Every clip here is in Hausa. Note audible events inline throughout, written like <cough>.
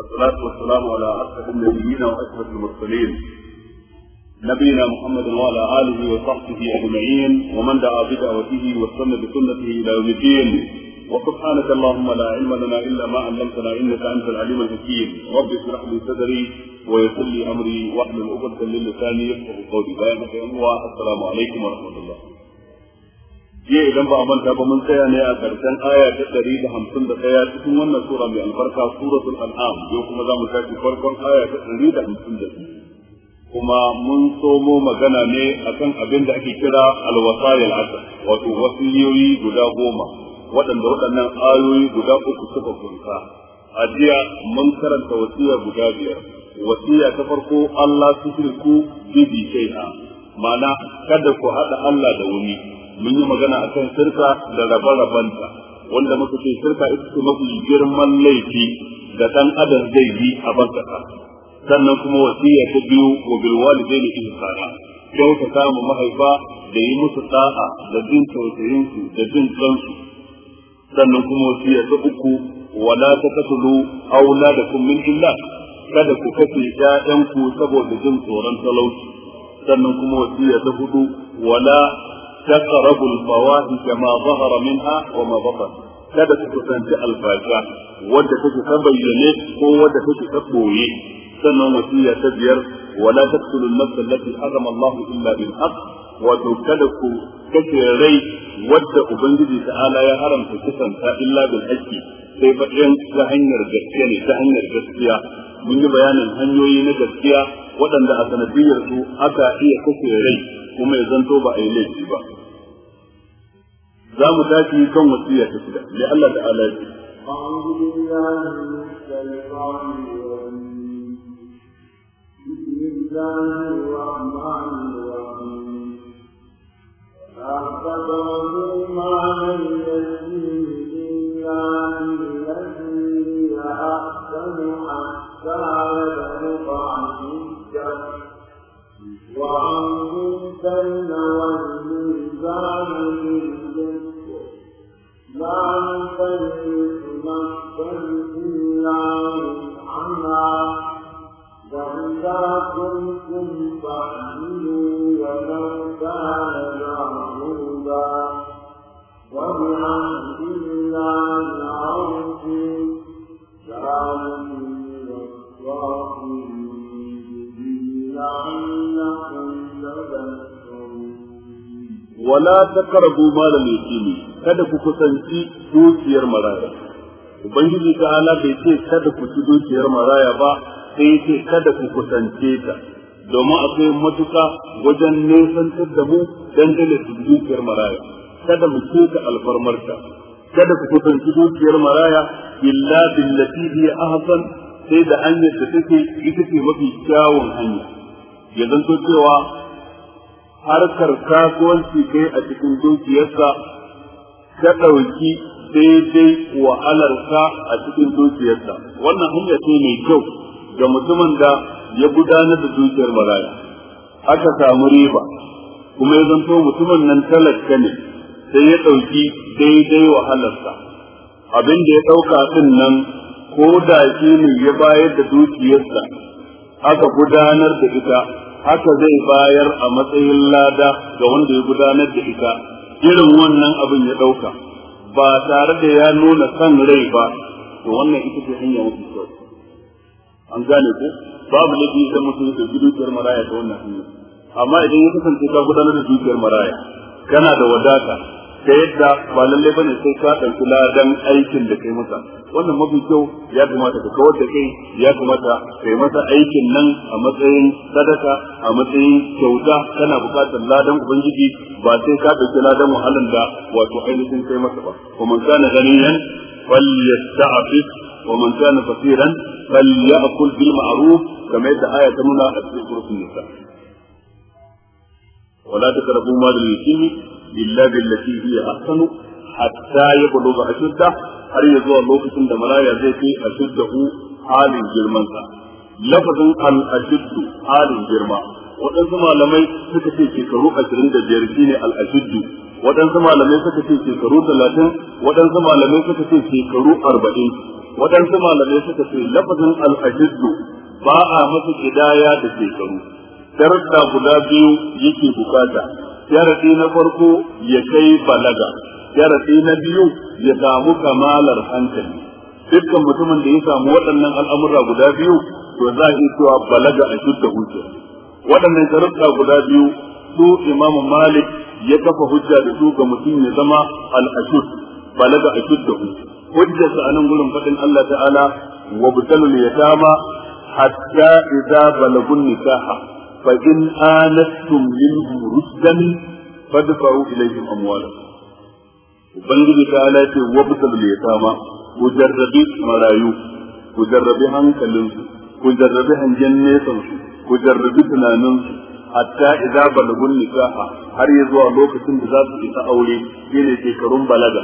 والصلاة والسلام على أشرف النبيين وأشرف المرسلين نبينا محمد وعلى آله وصحبه أجمعين ومن دعا بدعوته واستنى بسنته إلى يوم الدين وسبحانك اللهم لا علم لنا إلا ما علمتنا إنك أنت العليم الحكيم رب اشرح لي صدري ويسر لي أمري واحلل عقدة من لساني يفقه قولي بيانك السلام عليكم ورحمة الله jiya idan ba a manta ba mun tsaya ne a karshen aya ta ɗari da hamsin da ɗaya cikin wannan sura mai albarka suratul an'am yau kuma za mu tashi farkon aya ta ɗari da hamsin da biyu kuma mun somo magana ne akan abin da ake kira alwasaya asr wato wasiyoyi guda goma waɗanda waɗannan ayoyi guda uku suka kunsa a jiya mun karanta wasiya guda biyar wasiya ta farko Allah su shirku bibi shay'a ma'ana kada ku haɗa Allah da wani mun yi magana a kan sirka da rabe-rabenta wanda muka ce sirka ita ce mafi girman laifi da ɗan adam zai yi a bankasa sannan kuma wasiya ta biyu wa bil walidaini don ka samu mahaifa da yi musu da'a da jin tausayinsu da jin tsansu sannan kuma wasiya ta uku wala ta aula da kummin illa kada ku kashe ƴaƴanku saboda jin tsoron talauci sannan kuma wasiya ta hudu wala taqrabu al-fawahisha ma zahara minha wa ma kada ku kusanci alfasha wadda take ta bayyane ko wadda take ta boye sannan wasiya ta biyar wala taqtulu nafsa allati harama Allah illa bil haqq wato kada ku kace rai wadda ubangiji ta'ala ya haramta kusanta illa bil haqqi sai fa in ta hanyar gaskiya ne ta hanyar gaskiya mun yi bayanin hanyoyi na gaskiya waɗanda a sanadiyar su aka iya kace rai kuma ya zanto ba a yi laifi ba za mu tashi kan wasiya ta shida ne Allah da alaji وعن فإن wala taqrabu malal yatimi kada ku kusanci dukiyar maraya ubangiji ta ala bai ce kada ku ci dukiyar maraya ba sai ce kada ku kusance ta domin akwai matuka wajen nesantar da mu dangane da dukiyar maraya kada mu keta alfarmarta kada ku kusanci dukiyar maraya illa billati hi ahsan sai da hanyar da take ita ce mafi kyawun hanya ya zanto cewa harkar kasuwanci kai a cikin dukiyarsa ka ɗauki daidai wahalarsa a cikin dukiyarsa wannan hanya ce mai kyau ga mutumin da ya gudanar da dukiyar maraya aka samu riba kuma ya zanto mutumin nan talaka ne sai ya ɗauki daidai wahalarsa abin da ya ɗauka ɗin nan ko da shi ne ya bayar da dukiyarsa aka gudanar da ita haka zai bayar a matsayin lada ga wanda ya gudanar da ita irin wannan abin ya ɗauka ba tare da ya nuna san rai ba to wannan ita ce hanya mafi kyau an gane ko babu laifi idan mutum ya ɗauki dukiyar maraya ta wannan hanya amma idan ya kasance ka gudanar da dukiyar maraya kana da wadata ta yadda ba lallai bane sai ka ɗauki ladan aikin da kai masa wannan mafi kyau ya kamata ka kawar da kai ya kamata kai masa aikin nan a matsayin sadaka a matsayin kyauta kana buƙatar ladan ubangiji ba sai ka ɗauki ladan wahalan da wato ainihin kai masa ba kuma kana ganiyan falyasta'fif ومن كان فقيرا فليأكل بالمعروف كما يدعى آية تمنى في سورة النساء ولا تقربوا مال اليتيم illa billati hiya ahsanu hatta yablugha ashudda har ya zuwa lokacin da maraya zai kai ashuddahu halin girman sa lafazin al ashuddu halin girma waɗansu malamai suka ce shekaru ashirin da biyar shine al ashuddu waɗansu malamai suka ce shekaru talatin waɗansu malamai suka ce shekaru arba'in waɗansu malamai suka ce lafazin al ashuddu ba a masa kidaya da shekaru darda guda biyu yake bukata sharadi na farko ya kai balaga sharadi na biyu ya samu kamalar hankali dukkan mutumin da ya samu waɗannan al'amura guda biyu to za a cewa balaga a shudda hujja waɗannan sharuɗa guda biyu su imam malik ya kafa hujja da su ga mutum ya zama a ashud balaga hujja. hujjarsa a nan gurin faɗin Allah ta'ala wa butalul yatama hatta idza balagun nikaha فإن آنستم منهم رشدا فادفعوا إليهم أموالكم وبلغني تعالى وابتل اليتامى وجربي ملايو وجربي هنكلنس وجربي هنجنيسنس وجربي تنانس حتى إذا بلغوا النكاح هل يزوى لوك سن بذات أولي كيني تيكرون بلغا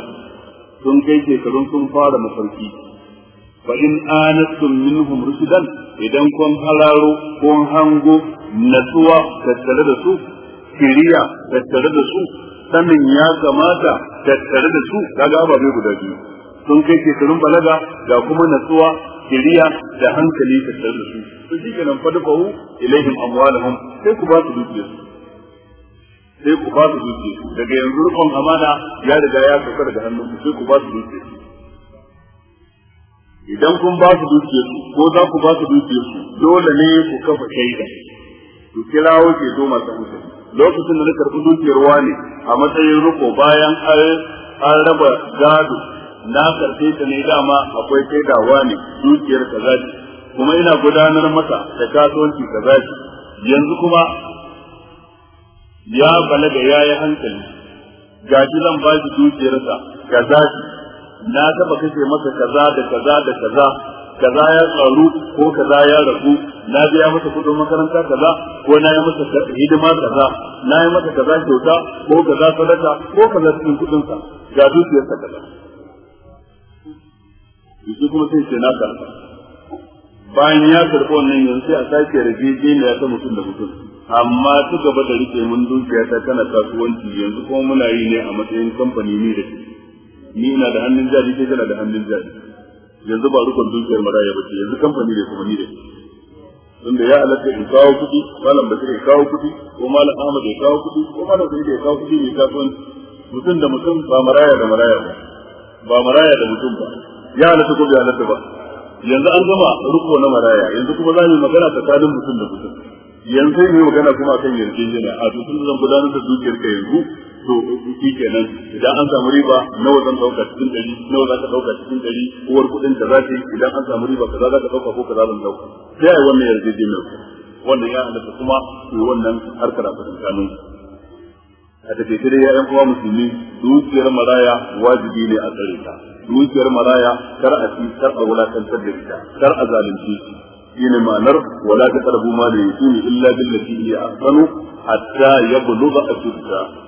سن تيكرون سن فارم fa in anastum minhum rusudan idan kun halaro kun hango natsuwa tattare da su kiriya tattare da su sanin ya kamata tattare da su kaga ababe guda biyu sun kai shekarun balaga ga kuma natsuwa kiriya da hankali tattare da su to shi kenan hu ilaihim amwalahum sai ku ba su dukiyarsu sai ku ba su dukiyarsu daga yanzu rukun amana ya riga ya sauka daga hannunku sai ku ba su dukiyarsu idan kun ba su dukiya su ko za ku ba su dukiya su dole ne ku kafa shaida ku kira ke zo masu mutum lokacin da na karɓi dukiyar wani a matsayin riko bayan an raba gado na karfe ta ne dama akwai shaida ne dukiyar ka ce kuma ina gudanar masa da kasuwanci ka ce yanzu kuma ya balaga ya yi hankali gashi zan ba shi dukiyarsa ka ce na taba kace masa kaza da kaza da kaza kaza ya tsaru ko kaza ya rabu na biya masa kudin makaranta kaza ko na yi masa hidima kaza na yi masa kaza kyauta ko kaza sadaka ko kaza cikin kudin sa ga dukiyar sa kaza yanzu kuma sai ce na karba bayan ya karɓi wannan yanzu sai a sake rage ta mutum da mutum amma su gaba da rike mun dukiya ta kana kasuwanci yanzu kuma muna yi ne a matsayin kamfani ne da ke. ni ina da hannun jari kai kana da hannun jari yanzu ba rukun dukiyar maraya ba ce yanzu kamfani ne kuma ni da tunda ya alaka in kawo kuɗi malam da ya kawo kuɗi ko malam ahmad ya kawo kuɗi ko malam sa'id ya kawo kuɗi ne kasuwanci mutum da mutum ba maraya da maraya ba ba maraya da mutum ba ya alaka ko bai alaka ba yanzu an gama rukun na maraya yanzu kuma za mu magana tsakanin mutum da mutum yanzu ne magana kuma kan yarjejeniya a to zan gudanar da dukiyar ka yanzu to shi kenan idan an samu riba nawa zan dauka cikin dari nawa za ka dauka cikin dari uwar kudin da za ta yi idan an samu riba kaza za ka dauka ko kaza zan dauka sai ai wannan yarjejeniyar wannan ya halatta kuma su wannan harkar a tsakanin a takaice dai ya'yan kuma musulmi dukiyar maraya wajibi ne a tsare ta dukiyar maraya kar a ci kar a wulakantar da ita kar a zalunce shine ma'anar wala ta karbu ma da yusuni illa billati hiya ahsanu hatta yablugha ashudda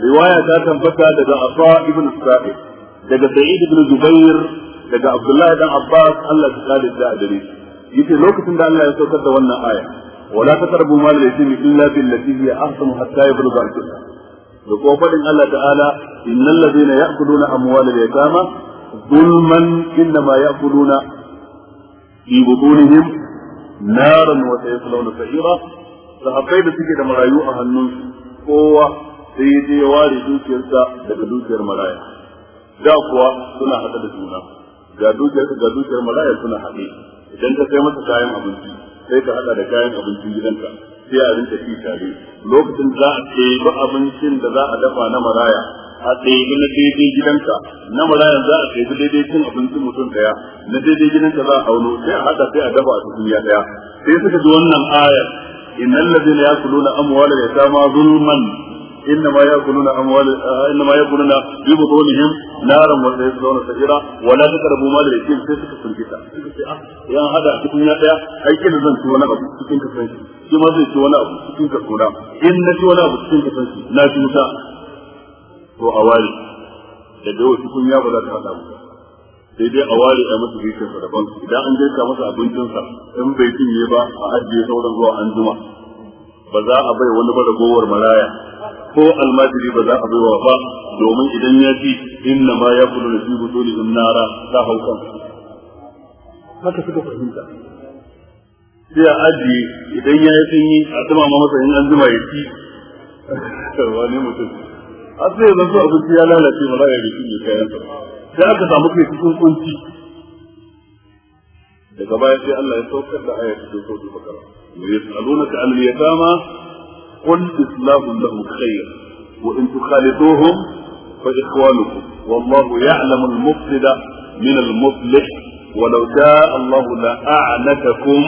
riwaya ta tabbata daga Afa ibn Sa'id daga Sa'id ibn Jubair daga Abdullah dan Abbas Allah ta kare da adare yace lokacin da Allah ya saukar da wannan aya wala taqrabu mal yatim illa billati hiya ahsanu hatta yablugha al-kitab da kuma Allah ta'ala innal ladina ya'kuluna amwal al-yatama ظلما انما ياكلون في بطونهم نارا وسيصلون سعيرا sahabbai da suke da marayu a hannunsu kowa sai ya je ya ware dukiyarsa daga dukiyar maraya da kuwa suna haɗa da juna ga dukiyarsa ga dukiyar maraya suna haɗe idan ka sai masa kayan abinci sai ka haɗa da kayan abincin gidanka sai a rinka ci tare lokacin za a ɗebi abincin da za a dafa na maraya a ɗebi na daidai gidanka na maraya za a ɗebi daidai cin abincin mutum ɗaya na daidai gidanka za a auno sai a haɗa sai a dafa a cikin ya ɗaya sai suka ji wannan ayar innal ladina yakuluna amwala yatama zulman إنما يأكلون أموال إنما يأكلون في بطونهم نارا وسيصلون سعيرا ولا تقربوا مال اليتيم في سكة الكتاب يا هذا cikin ya daya ai kin zan ci wani abu cikin ka san ma zai ci wani abu cikin ka in na ci wani abu cikin ka na ci a ware ya sai dai a ware a masa rikin sa daban idan an jirka masa abincinsa in bai cinye ba a ajiye sauran zuwa an juma ba za a bai wani ba maraya ko almajiri ba za a bai wa ba domin idan ya ci inna ma ya kula da fibu dole in nara ta hau kan haka suka fahimta sai a ajiye idan ya yi sanyi a tuma ma masa in an zuma ya ci <laughs> wani mutum a sai zan so abinci ya lalace maraya da shi ne kayan sa sai aka samu kai cikin kunci daga baya sai Allah ya saukar da ayatul kursi bakara ويسألونك عن اليتامى قل إسلام لهم خير وإن تخالطوهم فإخوانكم والله يعلم المفسد من المصلح ولو شاء الله لأعنتكم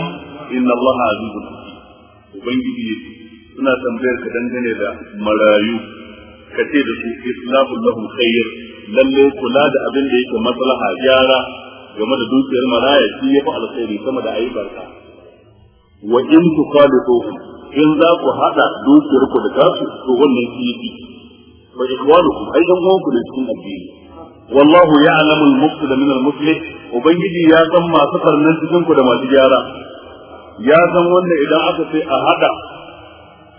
إن الله عزيز حكيم وبنجي suna tambayar ka dangane da marayu ka ce da su islahu lahum khair lalle kula da abin da yake maslaha gyara game da dukiyar maraya shi yafi alkhairi sama da ayyukan wa in to in za ku hada dukiyar ku da kasu to wannan shi yi wa ku ai dan gonku ne cikin addini wallahu ya'lamu al-mufsida min al-muslih ubangiji ya san masu farnan cikin ku da masu gyara ya san wanda idan aka sai a hada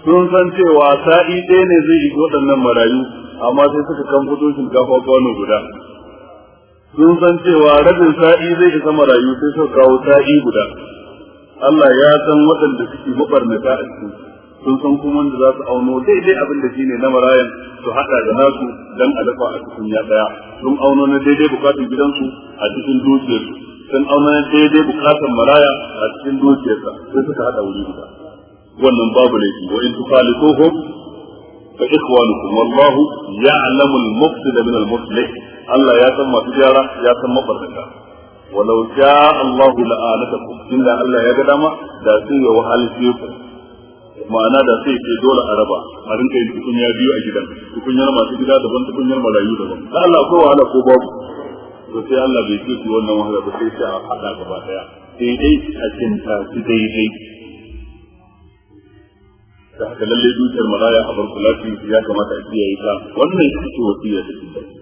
sun san cewa sa'i ɗaya ne zai yi waɗannan marayu amma sai suka kan fito shinkafa kwano guda sun san cewa rabin sa'i zai isa marayu sai suka kawo sa'i guda Allah ya san waɗanda suke mabarnata a cikin sun san kuma wanda za su auno daidai abin da shine na marayan su haɗa da nasu dan dafa a cikin ya ɗaya sun auno na daidai bukatun gidansu a cikin dukiyarsu sun auno na daidai bukatun maraya a cikin dukiyarsa sai suka haɗa wuri guda wannan babu laifi wa in tukhalituhum fa ikhwanukum wallahu ya'lamu al-mufsida min al-muslih Allah ya san masu gyara ya san mabarnata walau jaa Allah la'anatakum da Allah ya ga dama da sai ya wahalce ku ma'ana da sai ce dole a raba a rinka yin tukunya biyu a gidan tukunyar masu gida daban tukunyar marayu daban da Allah ko wahala ko babu to sai Allah bai ce wannan wahala ba sai a hada gaba daya sai dai a cinta su daidai da haka lalle dukiyar maraya a ya kamata a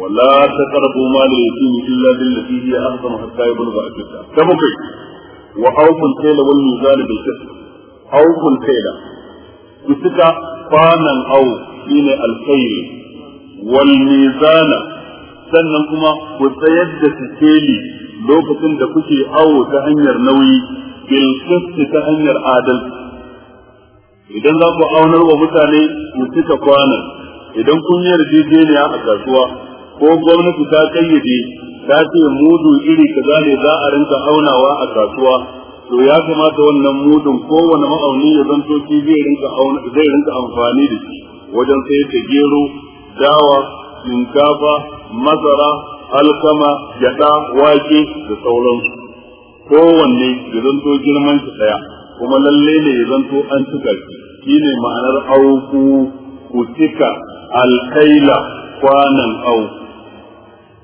ولا تقربوا مال اليتيم الا بالتي هي احسن حتى يبلغ اشده كبكي واوفوا الكيل والميزان بالقسط اوفوا الكيل كتك فانا او حين الكيل والميزان sannan kuma ku tsayar da sikeli lokacin da kuke awo ta hanyar nauyi bil ta hanyar adalci idan za ku aunar wa mutane ku cika kwanan idan kun yi yarjejeniya a kasuwa ko gwamnati ta kayyade ta ce mudu iri kaza ne za a rinka aunawa a kasuwa to ya kamata wannan mudun kowane ma'auni ya zanto shi zai rinka zai rinka amfani da shi wajen sayar ta gero dawa shinkafa masara alkama gyada wake da sauransu kowanne ya zanto girman shi daya kuma lalle ne ya zanto an cika shi shine ma'anar auku ku cika alkaila kwanan auku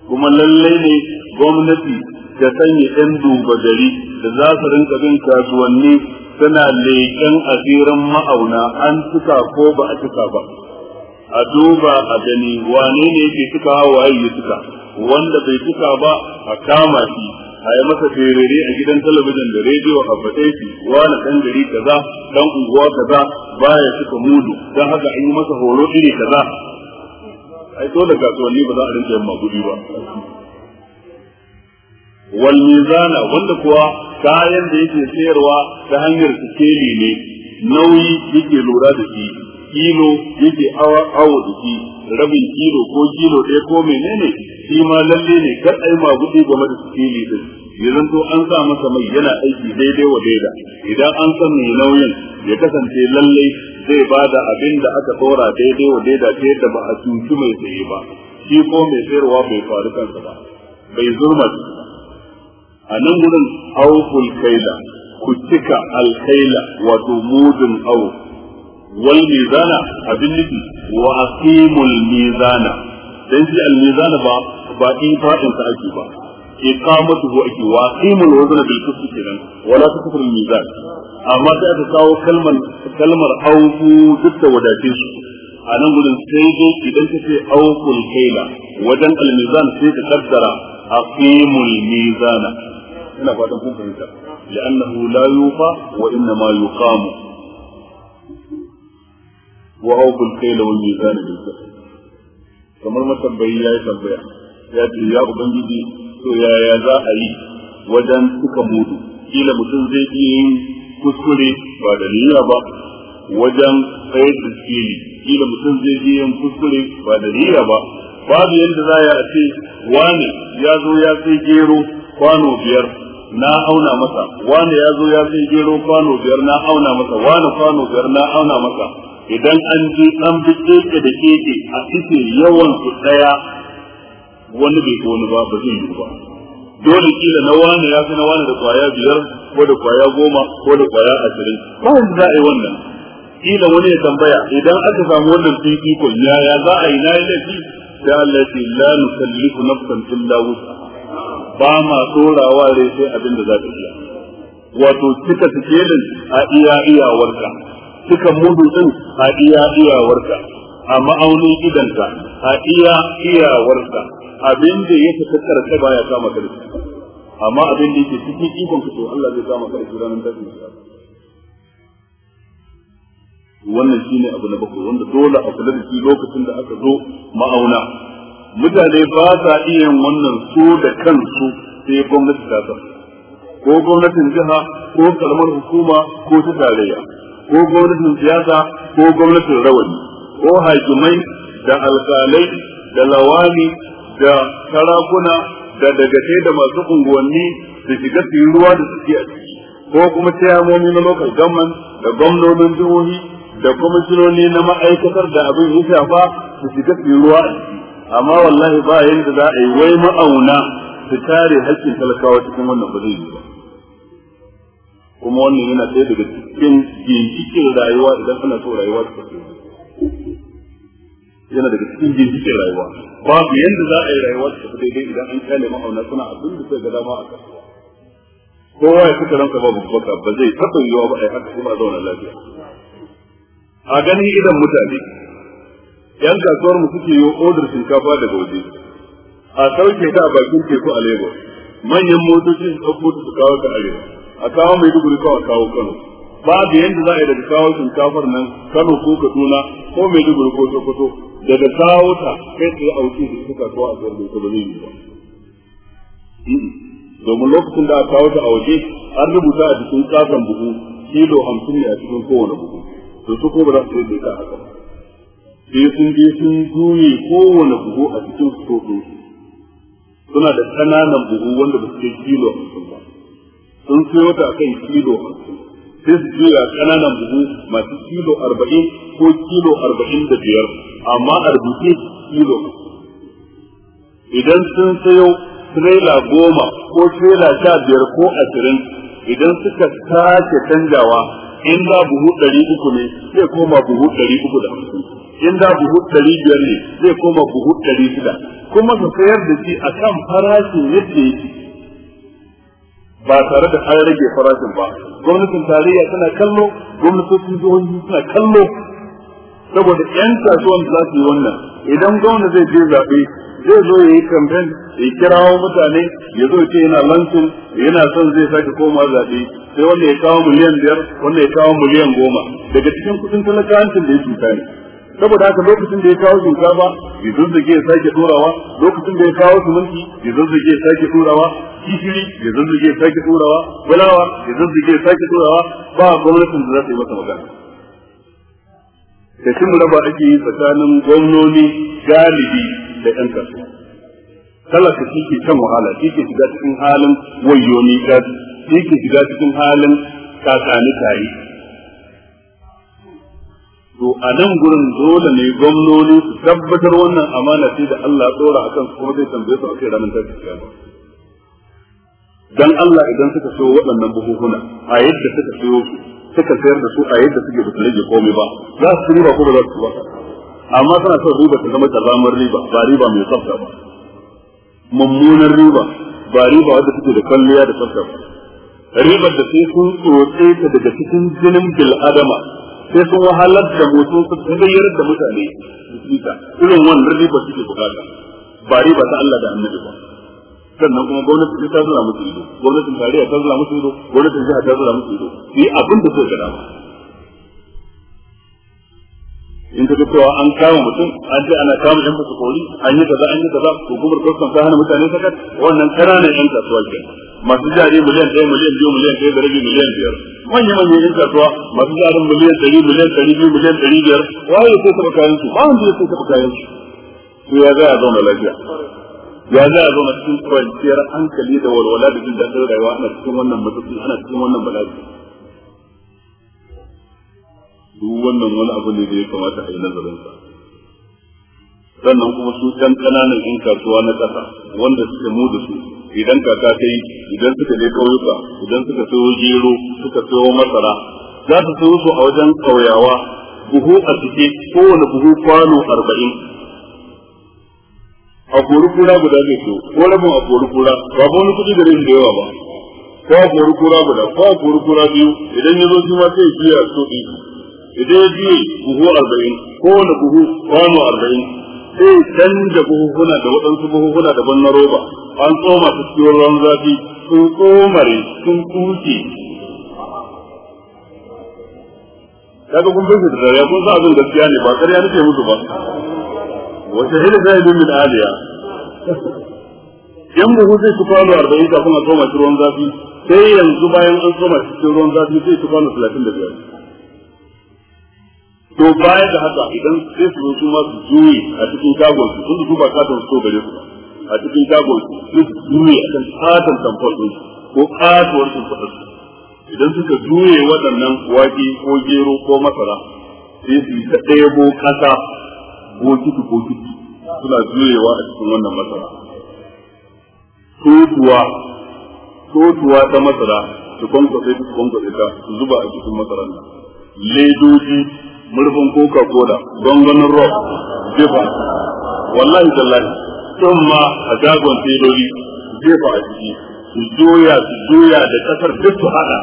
kuma lallai ne gwamnati ta sanya 'yan duba gari da za su rinka bin kasuwanni suna leƙen asirin ma'auna an cika ko ba a cika ba a duba a gani wane ne ke cika waye ya cika wanda bai cika ba a kama shi a yi masa ferere a gidan talabijin da rediyo a faɗe shi wani ɗan gari kaza ɗan unguwa kaza baya cika mudu don haka an yi masa horo iri kaza ai da kasuwanni ba za a rinka yin magudi ba wal mizana wanda kuwa kayan da yake sayarwa ta hanyar sikeli ne nauyi yake lura da shi kilo yake awa awo da shi rabin kilo ko kilo ɗaya ko menene shi ma lalle ne kar ai magudi game da sikeli din ya zanto an sa masa mai yana aiki daidai wa daida idan an san mai nauyin ya kasance lalle zai ba da abin da aka tsora daidai wa daida ta da ba a cuci mai saye ba shi ko mai sayarwa bai faru kansa ba bai zurma a nan gudun, aukul kaila ku cika alkaila wato mudun au wal mizana abin nufi wa aqimul mizana dan shi al mizana ba ba in fa'in ta ake ba iqamatuhu ake wa qimul da bai qist kenan wala tukfur al mizan amma sai aka kawo kalmar kalmar auku duk da wadatin su a nan gudun sai dai idan ka ce aukul kaila wajen al mizan sai ka kaddara aqimul mizana ina fatan kun fahimta li'annahu la yufa wa inna ma yuqamu wa aukul kaila wal mizan bil qist kamar matabbai ya yi tambaya ya ce ya ubangiji to yaya za a yi wajen suka mudu kila mutum zai iya yin kuskure ba da niyya ba wajen tsayar da skeli kila mutum zai iya yin kuskure ba da niyya ba babu yadda za a ce wani ya zo ya sai gero kwano biyar na auna masa wani ya zo ya sai gero kwano biyar na auna masa wani kwano biyar na auna masa idan an ji an bi keke da keke a cikin yawan su daya wani bai ko wani ba ba zai yiwu ba dole kila na wani ya fi na wani da kwaya biyar ko da kwaya goma ko da kwaya ashirin ba wanda za a yi wannan kila wani ya tambaya idan aka samu wannan sun fifikon yaya za a yi na yi laifi sai Allah ce la nukallifu nafsan illa wusa ba ma tsorawa rai sai abin da za ka iya wato cika sikelin a iya iyawarka cika mudu din a iya iyawarka a ma'aunin idanka a iya iyawarka abin da ya fita karka baya kama karfi amma abin da yake cikin ikon ka to Allah zai kama karfi ranar tashin kiyama wannan shine abu na bakwai wanda dole a kula da shi lokacin da aka zo ma'auna mutane ba sa iya yin wannan su da kansu sai gwamnati ta sa ko gwamnatin jiha ko karamar hukuma ko ta tarayya ko gwamnatin siyasa ko gwamnatin rawani ko hakimai da alkalai da lawani da sarakuna da dagate da masu unguwanni da shiga su ruwa da suke a ciki ko kuma tayamomi na local government da gwamnonin jihohi da kwamishinoni na ma'aikatar da abin ya shafa su shiga su ruwa a ciki amma wallahi ba yanda za a yi wai ma'auna su tare haƙƙin talakawa cikin wannan ba zai yi ba kuma wannan yana ɗaya daga cikin ginshikin rayuwa idan ana so rayuwa ta tafiya yana daga cikin ginshiƙin rayuwa babu yanda za a yi rayuwa ta tafi daidai idan an kyale ma'auna suna abin da suka ga dama a kasuwa kowa ya fita ranka babu baka ba zai taɓa yiwuwa ba a yi haka kuma a zauna lafiya a ganin idan mutane yan kasuwar mu suke yi odar shinkafa daga waje a sauke ta a bakin teku a Lagos manyan motoci su ɗauko su kawo ka arewa a kawo mai duguri kawai kawo Kano babu yanda za a yi daga kawo shinkafar nan Kano ko Kaduna ko mai duguri ko Sokoto daga kawo ta kai tsaye a da suka kawo a kan mai ba zai ba hmm. domin lokacin da aka kawo ta a waje an rubuta a cikin kasan buhu kilo hamsin ne a cikin kowane buhu to su ko ba za su yi da haka ba sai sun je sun juye kowane buhu a cikin su suna da ƙananan buhu wanda ba su kai kilo hamsin ba sun sayo ta a kan kilo hamsin sai su juya kananan buhu masu kilo arba'in ko kilo arba'in da biyar amma a rubuce kilo idan sun sayo tirela goma ko tirela sha biyar ko ashirin idan suka sake canjawa in da buhu ɗari uku ne zai koma buhu ɗari uku da hamsin in da buhu ɗari biyar ne zai koma buhu ɗari shida kuma su sayar da shi a kan farashin yadda yake ba tare da an rage farashin ba gwamnatin tarayya tana kallo gwamnatocin jihohi suna kallo saboda yan kasuwan za su yi wannan idan gwamna zai je zaɓe zai zo ya yi kamfen ya kirawo mutane ya zo ce yana lancin yana son zai sake koma zaɓe sai wanda ya kawo miliyan biyar wanda ya kawo miliyan goma daga cikin kuɗin talakancin da ya cuta ne saboda haka lokacin da ya kawo ba ya zazzage ya sake turawa lokacin da ya kawo suminti ya zazzage ya sake turawa kishiri ya zazzage ya sake turawa bulawa ya zazzage ya sake turawa ba gwamnatin da za ta yi masa magana da shin raba ake yi tsakanin gwamnoni galibi da yan kasuwa talaka shi ke kan wahala shi ke shiga cikin halin wayyoni, shi ke shiga cikin halin kasani tare to a nan gurin dole ne gwamnoni su tabbatar wannan amana ce da Allah tsora akan su kuma zai tambaye su a akai ranar ta kiyama dan Allah idan suka sayo waɗannan buhuhuna a yadda suka sayo su suka sayar da su a yadda suke ba su rage komai ba za su riba ko ba za su ba amma suna son riba ta zama kazamar riba ba riba mai tsafta ba mummunar riba ba riba wadda suke da kwalliya da tsafta ba ribar da sai sun tsotse ta daga cikin jinin bil'adama sai sun wahalar da mutum sun bayyana da mutane nisa irin wannan riba suke bukata ba riba ta Allah da annabi ba sannan kuma gwamnati ta ta zura musu ido gwamnatin tarayya ta zura musu ido gwamnatin jiha ta zura musu ido yi abin da suka ba. in ka cewa an kama mutum an ce ana kama yan fasa kori an yi kaza an yi kaza hukumar kwastam ta hana mutane sakat wannan kananan yan kasuwa ke masu jari miliyan ɗaya miliyan biyu miliyan ɗaya da rabi miliyan biyar manya manyan yan kasuwa masu jarin miliyan ɗari miliyan ɗari biyu miliyan ɗari biyar waye ko taɓa kayan su ba wanda ya ko taɓa kayan su to ya za a zauna lafiya ya za a zauna cikin kwanciyar hankali da walwala da jin daɗin rayuwa ana cikin wannan matsatsi ana cikin wannan bala'i duk wannan wani abu ne da ya kamata a yi nazarin sa sannan kuma su can kananan in kasuwa na ƙasa wanda suke mu da su idan kaka ta yi idan suka je ƙauyuka idan suka sayo gero suka sayo masara za su sayo su a wajen ƙauyawa buhu a cike kowane buhu kwano arba'in a kori kura guda zai so ko rabin a kori kura ba ba wani kuɗi da rai da yawa ba ko a kori kura guda ko a kori kura biyu idan ya zo shi ma sai ya biya so ɗin idan ya biye buhu arba'in kowane buhu kwano arba'in sai canza buhuhuna da waɗansu buhuhuna daban na roba an tsoma su cikin ruwan zafi sun tsomare sun kuce kaga kun fahimta da dariya kun sa abin gaskiya ne ba ƙarya nake musu ba hili shahida zahidun min aliya yan buhu zai su kwano arba'in kafin a tsoma shi ruwan zafi sai yanzu bayan an tsoma cikin ruwan zafi zai su kwano talatin da biyar to baya da haka idan sai su su ma su juye a cikin shagon su tunda su ba katon so gare su a cikin shagon su su juye a kan katon tamfar su ko katuwar su fadar su idan suka juye waɗannan wake ko gero ko masara sai su yi ta ɗebo ƙasa bokiti bokiti suna juyewa a cikin wannan masara totuwa totuwa ta masara su kwankwasa su kwankwasa ta su zuba a cikin masarar nan ledoji murfin koda don gwangwanin rock jefa wallahi tallahi sun ma a jagon tedori jefa a ciki su joya su joya da kasar duk su hada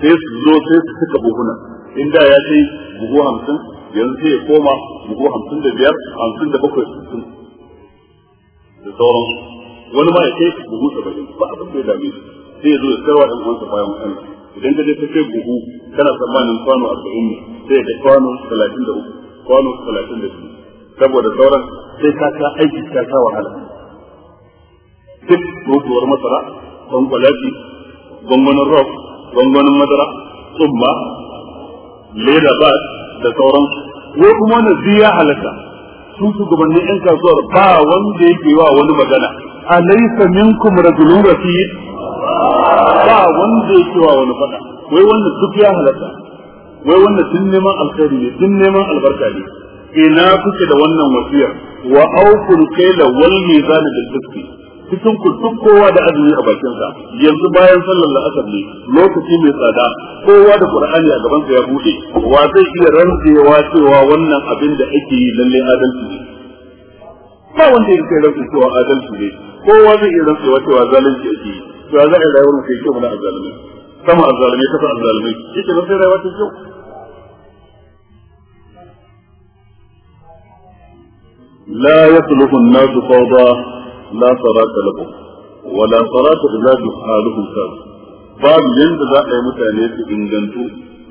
sai su zo sai su suka buhuna inda ya ce buhu hamsin yanzu sai ya koma buhu hamsin da biyar hamsin da bakwai hamsin da sauransu wani ma ya ce buhu saba'in ba abin da ya dame sai ya zo ya sarwa ɗan uwansa bayan wani idan ka je ta ce buhu kana tsammanin kwano arba'in ne sai da kwano talatin da uku kwano talatin da biyu saboda sauran sai ka ta aiki ta ta wahala duk rutuwar masara kwankwalafi gwangwanin rock gwangwanin madara tsumma leda ba da sauran ko kuma wani ziya halatta su shugabannin yan kasuwar ba wanda yake wa wani magana alaysa minkum rajulun rasid ba wanda ya wa wani fada wai wanda duk ya halatta wai wanda tun neman alkhairi ne tun neman albarka ne ina kuke da wannan wasiyar wa aukul kaila wal mizan bil qisti cikin ku duk kowa da azumi a bakin sa yanzu bayan sallar la'asar ne lokaci mai tsada kowa da qur'ani a gaban sa ya bude wa zai iya rantsewa cewa wannan abin da ake yi lalle adalci ne ba wanda ya yake rantsewa cewa adalci ne kowa zai iya rantsewa cewa zalunci ake yi to za a yi rayuwar za a kyau mana azzalumai sama azzalumai kasa azzalumai yake ba sai rayuwa ta kyau لا يصلح الناس فوضى لا صلاة لهم ولا صلاة إذا جهالهم كانوا باب يند ذا أي متانيس إنجنتو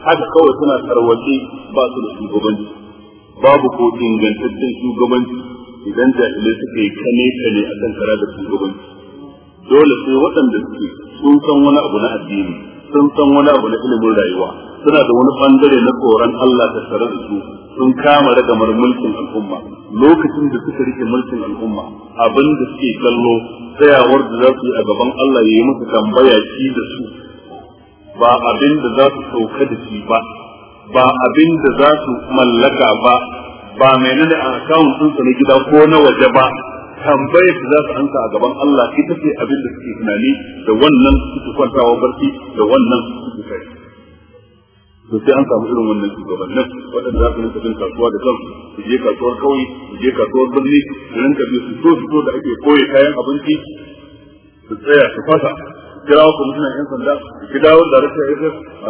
haka kawai suna tarwace ba su da shugabanci babu ko ingantaccen shugabanci idan jahilai suka yi kane kane akan kara da shugabanci dole sai waɗanda suke sun san wani abu na addini sun san wani abu na ilimin rayuwa suna da wani bangare na tsoron Allah ta tare da su sun kama ragamar mulkin al'umma lokacin da suka rike mulkin al'umma abin da suke kallo tsayawar da za su yi a gaban Allah ya yi musu tambaya shi da su ba abin da za su sauka da shi ba ba abin da za su mallaka ba ba menene a akawun ɗinsa na gida ko na waje ba tambayar da za su ansa a gaban Allah ita ce abin da suke tunani da wannan suke kwantawa barci da wannan suke kai to sai an samu irin wannan nan waɗanda za su rinka bin kasuwa da kansu su je kasuwar kauye su je kasuwar birni su rinka bi su so su so da ake koye kayan abinci su tsaya su fasa kira kirawo kwamishinan 'yan sanda su ki dawo da rasa ya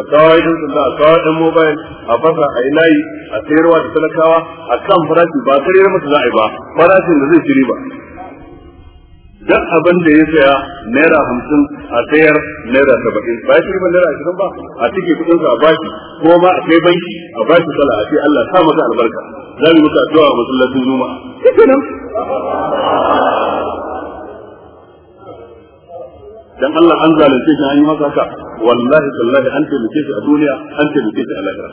a kawo 'yan sanda a kawo ɗan mobile a fasa a yi layi a sayarwa da talakawa a kan farashi ba karyar masa za a yi ba farashin da zai shiri ba duk abin da ya saya naira hamsin a sayar naira saba'in ba shi ba naira ashirin ba a cike kudin sa a bashi ko ma a kai banki a bashi sala a ce Allah sa masa albarka za mu muka addu'a masallacin juma'a kenan dan Allah an zalunce shi an yi masa haka wallahi tallahi an taimake shi a duniya an taimake shi a lahira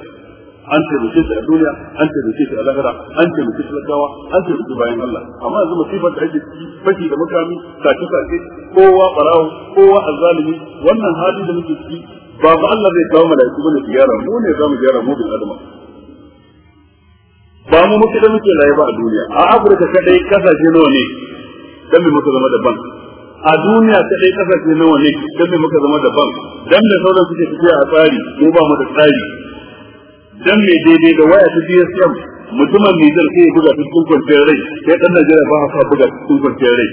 an taimake shi a duniya an taimake shi a lahira an taimake su lagawa an taimake bayan Allah amma yanzu musibar da ake ciki fashi da makami sace sace kowa barawo kowa azzalimi wannan hali da muke ciki ba ba Allah zai kawo mala'iku bane ziyara mu ne zamu ziyara mu bil adama ba mu muke da muke raye ba a duniya a Afirka kadai kasashe nawa ne dan mu muka zama daban a duniya kadai kasashe nawa ne dan mu muka zama daban dan da sauran suke tafiya a tsari mu ba mu da tsari dan mai daidai da waya ta DSM mutumin Nijar sai ya buga cikin kwanciyar rai sai dan Najeriya ba sa buga cikin kwanciyar rai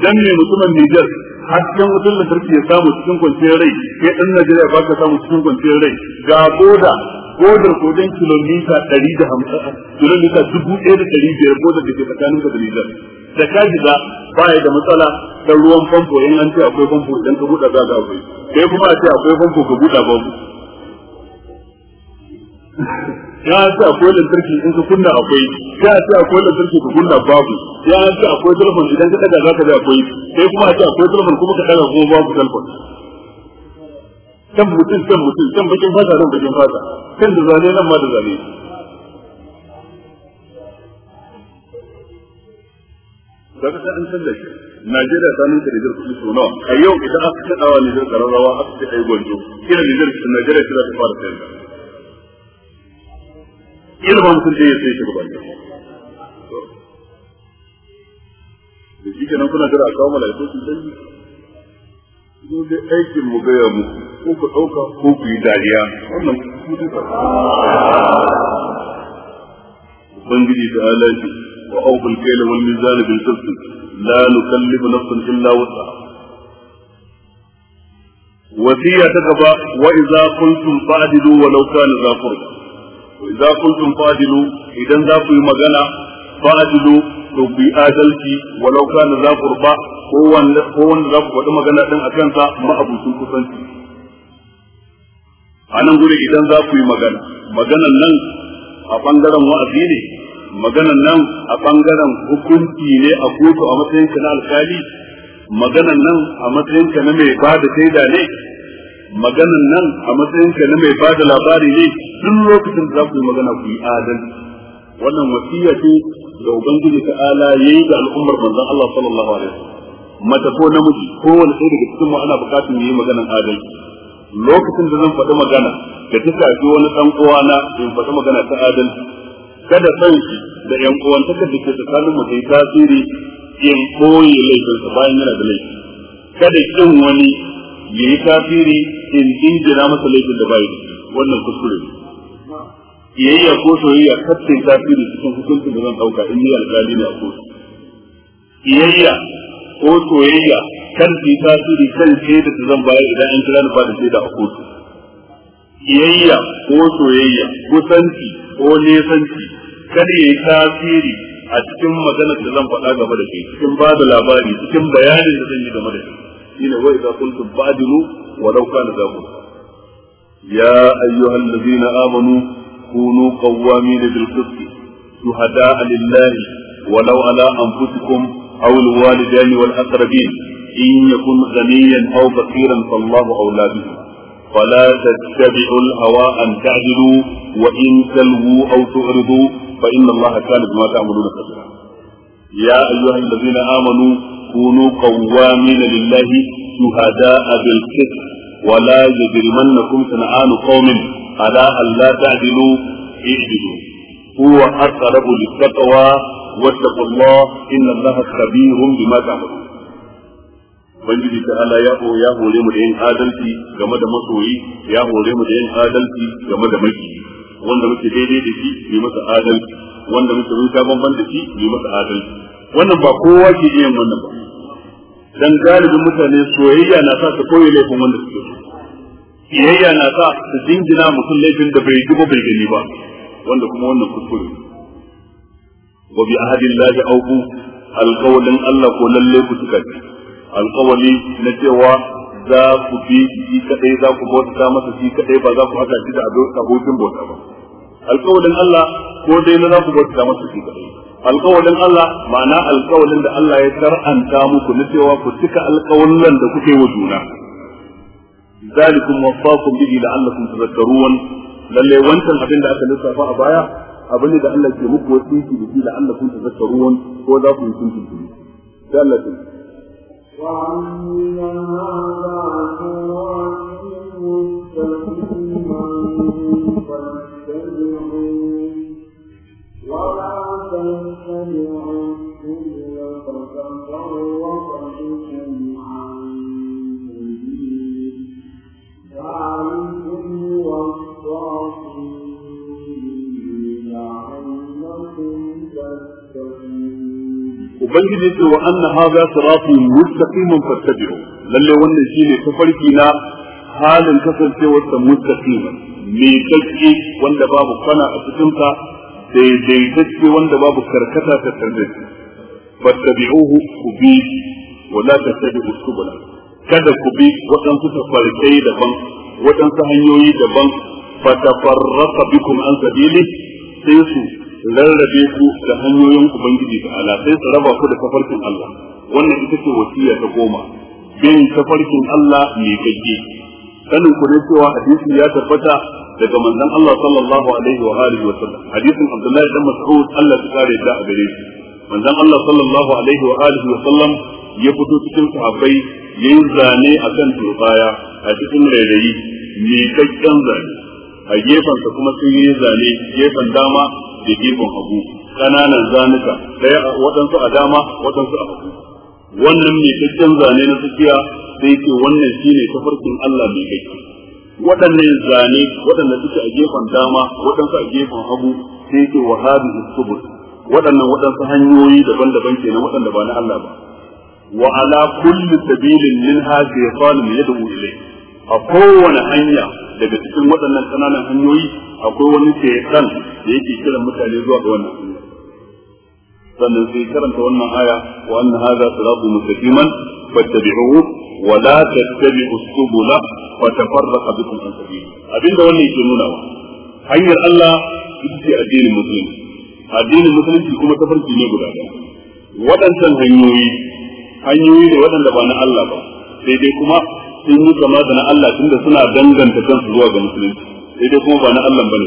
dan mai mutumin Nijar hasken wutar lantarki ya samu cikin kwanciyar rai sai dan Najeriya ba ka samu cikin kwanciyar rai ga goda bodar ko dan kilomita 150 eh, kilomita 1500 ɗaya da ke tsakanin da Nijar. da ka shiga baya da matsala da ruwan famfo in an ce akwai famfo idan ka buɗa za ka akwai kai kuma a ce akwai famfo ka buɗa babu ya ce akwai lantarki in ka kunna akwai ya ce akwai lantarki ka kunna babu ya ce akwai telefon idan ka daga za ka ji akwai kai kuma a ce akwai telefon kuma ka daga kuma babu telefon kan mutum kan mutum kan bakin fata nan bakin fata kan da zane nan ma da zane daga ta an san da shi Najeriya ta nuna Nijar kuɗi sau nawa a yau idan aka ta dawa Nijar kararrawa aka ce ai gwanjo kira Nijar shi Najeriya ta ta fara sayar ila ba mutum da ya sai shi ba gaban da shi kenan kuna jira a kawo malaikatu sai ko dai aikin mu gaya muku ko ku ɗauka ko ku yi dariya wannan ku dai ba ubangiji da alaji wa awful kayla wal mizan bil qist la nukallifu nafsan illa wusa wasiya ta gaba wa idza qultum fa'dilu wa law kana za qurba wa idza qultum fa'dilu idan za ku yi magana fa'dilu to ku yi adalci walau kana za qurba ko wanda za ku faɗi magana din a sa ma'abucin kusanci a nan gure idan za ku yi magana maganan nan a bangaren wa'azi ne maganan nan a bangaren hukunci ne a kotu a matsayinka na alkali maganan nan a matsayinka na mai bada shaida ne maganan nan a matsayinka na mai bada labari ne duk lokacin da za ku yi magana ku yi adalci wannan wasiya ce da ubangiji ta ala yayi ga al'ummar manzon Allah sallallahu alaihi wasallam mata ko namiji kowane sai daga cikin mu ana bukatun yi maganan adalci lokacin da zan faɗi magana da ta shafi wani ɗan uwana in faɗi magana ta adalci kada san shi da ƴan ta da ke tsakanin mu kai tasiri in koyi laifinsa bayan yana da laifi kada kin wani ya yi tasiri in jinjina masa laifin da bai wannan kuskure ne kiyayya ko soyayya kacce tasiri cikin hukuncin da zan ɗauka in yi alƙali ne a kotu kiyayya ko soyayya kan su tasiri kan shaida da zan bayar idan an kira ni ba da shaida a kotu kiyayya ko soyayya kusanci ko nesanci kada ya yi tasiri a cikin maganar da zan faɗa gaba da kai cikin ba da labari cikin bayanin da zan yi game da kai shine wa idza kuntum ba'dilu wa law kana zakum ya ayyuhal ladina amanu kunu qawwamin bil qist shuhada lillahi walau ala anfusikum أو الوالدان والأقربين إن يكن غنيا أو فقيرا فالله أولى به فلا تتبعوا الهوى أن تعدلوا وإن تلووا أو تعرضوا فإن الله كان بما تعملون خبيرا يا أيها الذين آمنوا كونوا قوامين لله شهداء بالقسط ولا يجرمنكم شنآن قوم على ألا تعدلوا اعدلوا هو أقرب للتقوى واتقوا الله inna الله خبير بما تعملون ubangiji ta ala ya ya hore mu da yin adalci game da masoyi ya hore mu da yin adalci game da maki wanda muke daidai da shi ne masa adalci wanda muke mun ta bamban da shi ne masa adalci wannan ba kowa ke iya yin wannan ba dan galibin mutane soyayya na sa su koyi laifin wanda suke so soyayya na sa su jingina mutum laifin da bai ji bai gani ba wanda kuma wannan kuskure wa bi ahadillahi auku alqawlin Allah ko lalle ku tuka alqawli na cewa za ku bi shi kadai za ku bauta masa shi kadai ba za ku haka shi da abokin bauta ba alqawlin Allah ko dai na za ku bauta masa shi kadai alqawlin Allah ma'ana alqawlin da Allah ya tar'anta muku na cewa ku tuka alqawlan da kuke wa juna ذلكم وصاكم به لعلكم تذكرون lalle wancan abin da aka lissafa a baya abin da Allah ke muku wasiki da shi da Allah kun tazakkarun ko za ku yi kuntum tuni sai Allah ya ولا تتبعوا كل فتفرق ubangiji yace wa anna hadha siratu mustaqiman fattabi'u lalle wannan shine tafarki na halin kasancewar sa mustaqiman mai kakke wanda babu kwana a cikin sa daidaitacce wanda babu karkata ta tarbiyya fattabi'uhu ku bi wa la tattabi'u subula kada ku bi waɗansu tafarkai daban waɗansu hanyoyi daban fatafarraqa bikum an sabili sai su rarrabe ku da hanyoyin ubangiji ta ala sai su raba ku da tafarkin Allah wannan ita ce wasiya ta goma bin tafarkin Allah mai gaske sanin ku ne cewa hadisi ya tabbata daga manzon Allah sallallahu alaihi wa alihi wa sallam hadisin Abdullahi dan Mas'ud Allah ya kare da a gare shi manzon Allah sallallahu alaihi wa alihi wa sallam ya fito cikin sahabbai yayin zane akan turbaya a cikin rairayi mai kakkan zane a gefensa kuma sun yi zane gefen dama da gefen hagu kananan zanuka waɗansu a dama waɗansu a hagu wannan mai zane na tsakiya sai ce wannan tafarkin Allah mai kakke waɗannan zane waɗanda suke a gefen dama waɗansu a gefen hagu sai waɗannan waɗansu hanyoyi daban-daban waɗanda ba na Allah ba wa ala kulli sabilin minha shaytanun yad'u ilayhi a kowane hanya daga cikin waɗannan ƙananan hanyoyi akwai wani shaitan da yake kiran mutane zuwa ga wannan hanya. sannan sai karanta wannan aya wa anna hadha siratu mustaqiman fattabi'uhu wa la tattabi'u subula fatafarraqa bikum an sabili abinda wannan yake nunawa hanyar Allah ita ce addinin musulunci addinin musulunci kuma tafarki ne guda ɗaya waɗancan hanyoyi hanyoyi ne waɗanda ba na Allah ba sai dai kuma sun yi kama da na Allah tunda suna danganta kansu zuwa ga musulunci sai dai kuma ba na Allah bane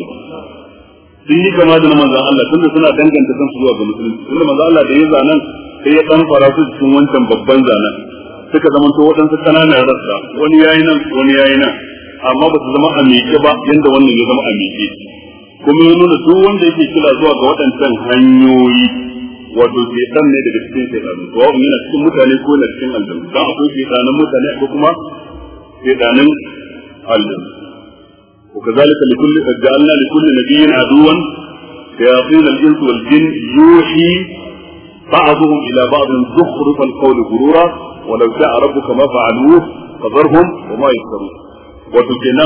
sun yi kama da na manzon Allah tunda suna danganta kansu zuwa ga musulunci tunda manzon Allah da ya zanan sai ya dan fara su cikin wancan babban zanan suka zama to waɗansu kananan rassa wani yayi nan wani yayi nan amma ba su zama a ba yanda wannan ya zama a kuma ya nuna duk wanda yake kila zuwa ga waɗancan hanyoyi wato shekan ne daga cikin shekaru ko wani na cikin mutane ko na cikin aljanu وكذلك لكل جعلنا لكل نبي عدوا شياطين الانس والجن يوحي بعضهم الى بعض زخرف القول غرورا ولو شاء ربك ما فعلوه فذرهم وما يفترون وتجنا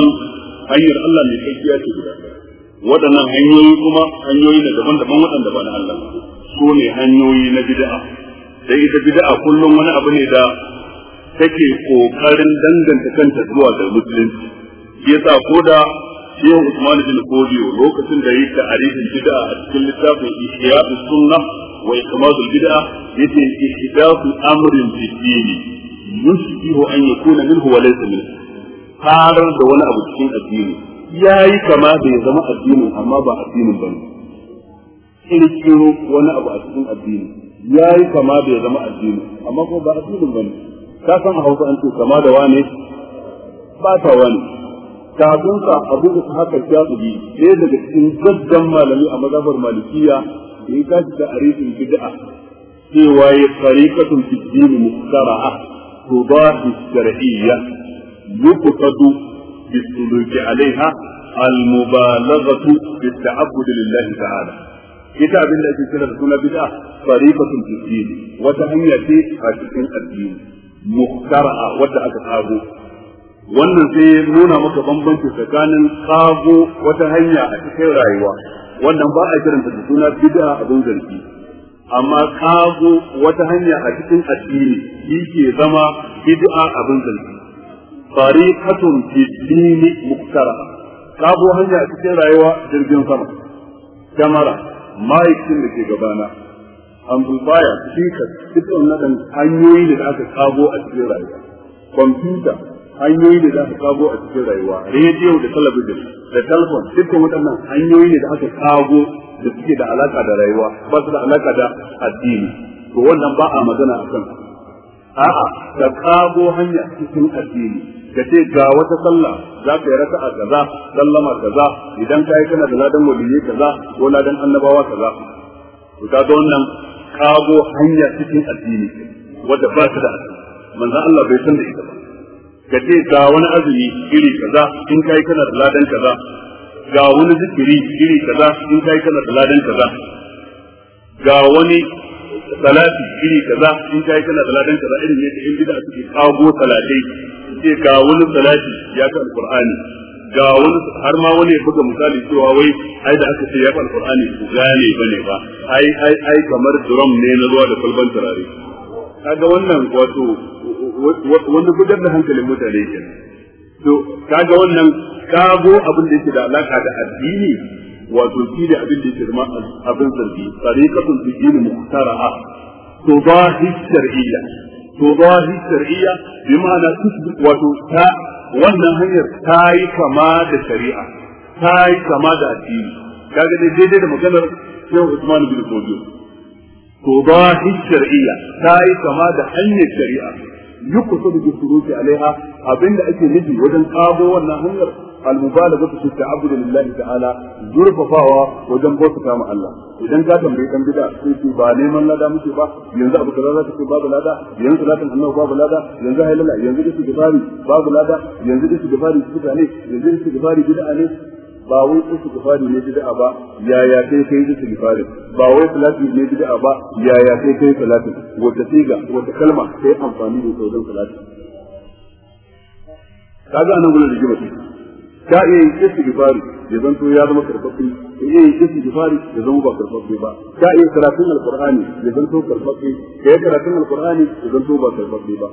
اي الله من حيث ياتي بذلك ودنا ان يوي كما ان يوي ندبان دبان ودن دبان su ne hanyoyi na bid'a sai ita bid'a kullum wani abu ne da take kokarin danganta kanta zuwa da musulunci yasa ko da yau Usman bin Kodiyo lokacin da yake ta'arifin bid'a a cikin littafin Ihya'u Sunnah wa Ikmal bid'a yake ihdathu amrin bid-dini an yakuna minhu wa laysa minhu farar da wani abu cikin addini yayi kama da ya zama addini amma ba addinin bane kirkiro wani abu a cikin addini ya yi kama da ya zama addini amma ko ba addinin ba ne ka san a hausa an ce kama da wane ba ta wane kafin ka abu da haka ya tsubi ɗaya daga cikin gaggan malami a mazhabar malikiya da ya tashi da arifin bid'a cewa ya tariqatun fi din mustara'a tubahi shar'iyya yuqtadu bi suluki alaiha al-mubalaghatu bi ta'abbud lillahi ta'ala ita abin da ake kira da suna bid'a fariqatun fi din wata hanya ce a cikin addini muhtara'a wadda aka kago wannan sai nuna maka bambanci tsakanin kago wata hanya a cikin rayuwa wannan ba a kiranta da suna bid'a abin zargi amma kago wata hanya a cikin addini shi ke zama bid'a abin zargi fariqatun fi din muhtara'a kago hanya a cikin rayuwa jirgin sama damara ma'aikin da ke gabana amplifier speaker duk wannan hanyoyi da aka kago a cikin rayuwa kwamfuta hanyoyi ne da aka kago a cikin rayuwa rediyo da talabijin da telefon dukkan waɗannan hanyoyi ne da aka kago da suke da alaka da rayuwa ba su da alaka da addini to wannan ba a magana a kan a'a da kago hanya cikin addini ka ce ga wata sallah za ka yi a kaza sallama kaza idan ka yi kana da ladan waliyyi kaza ko ladan annabawa kaza to ka kago hanya cikin addini wadda ba ta da manzo Allah bai san da ita ba ka ce ga wani azumi iri kaza in yi kana da ladan kaza ga wani zikiri iri kaza in yi kana da ladan kaza ga wani salati iri kaza in kai kana salatin kaza irin ne in bid'a suke kago salatai sai ga wani salati ya ka alqur'ani ga wani har ma wani ya buga misali cewa wai ai da aka ce ya ka alqur'ani ku gane bane ba ai ai ai kamar drum ne na zuwa da kalban turare kaga wannan wato wani gudar da hankalin mutane kenan to kaga wannan kago abin da yake da alaka da addini wato shi da abin da yake zama abin zargi tariqatun tijil muhtara'a tudahi shar'iyya ba shar'iyya bi ma'ana tusbit wato ta wannan hanyar ta yi kama da shari'a ta yi kama da addini kaga dai daidai da maganar Shehu Usman bin To ba shar'iyya ta yi kama da hanyar shari'a yuqsadu bi shuruti alaiha abinda ake nufi wajen kago wannan hanyar al-mubalagha fi ta'abbud lillahi ta'ala zurfafawa wajen bauta ma Allah idan ka tambayi kan bid'a sai ce ba neman lada muke ba yanzu abu kaza za ta ce babu lada yanzu salatin annabi babu lada yanzu haylala yanzu da su gifari babu lada yanzu da su gifari suka ne yanzu da su gifari bid'a ne ba wai istighfari ne a ba yaya kai kai istighfari ba wai salati ne a ba yaya kai kai salati wata siga wata kalma sai amfani da sauran salati kaga anan gudun rigima su Ta iya yin istighfari ya zanto ya zama karfafi Ta iya yin istighfari ya zama ba karfafi ba ta iya karatun alkur'ani ya zanto karfafi iya karatun alqur'ani ya zanto ba karfafi ba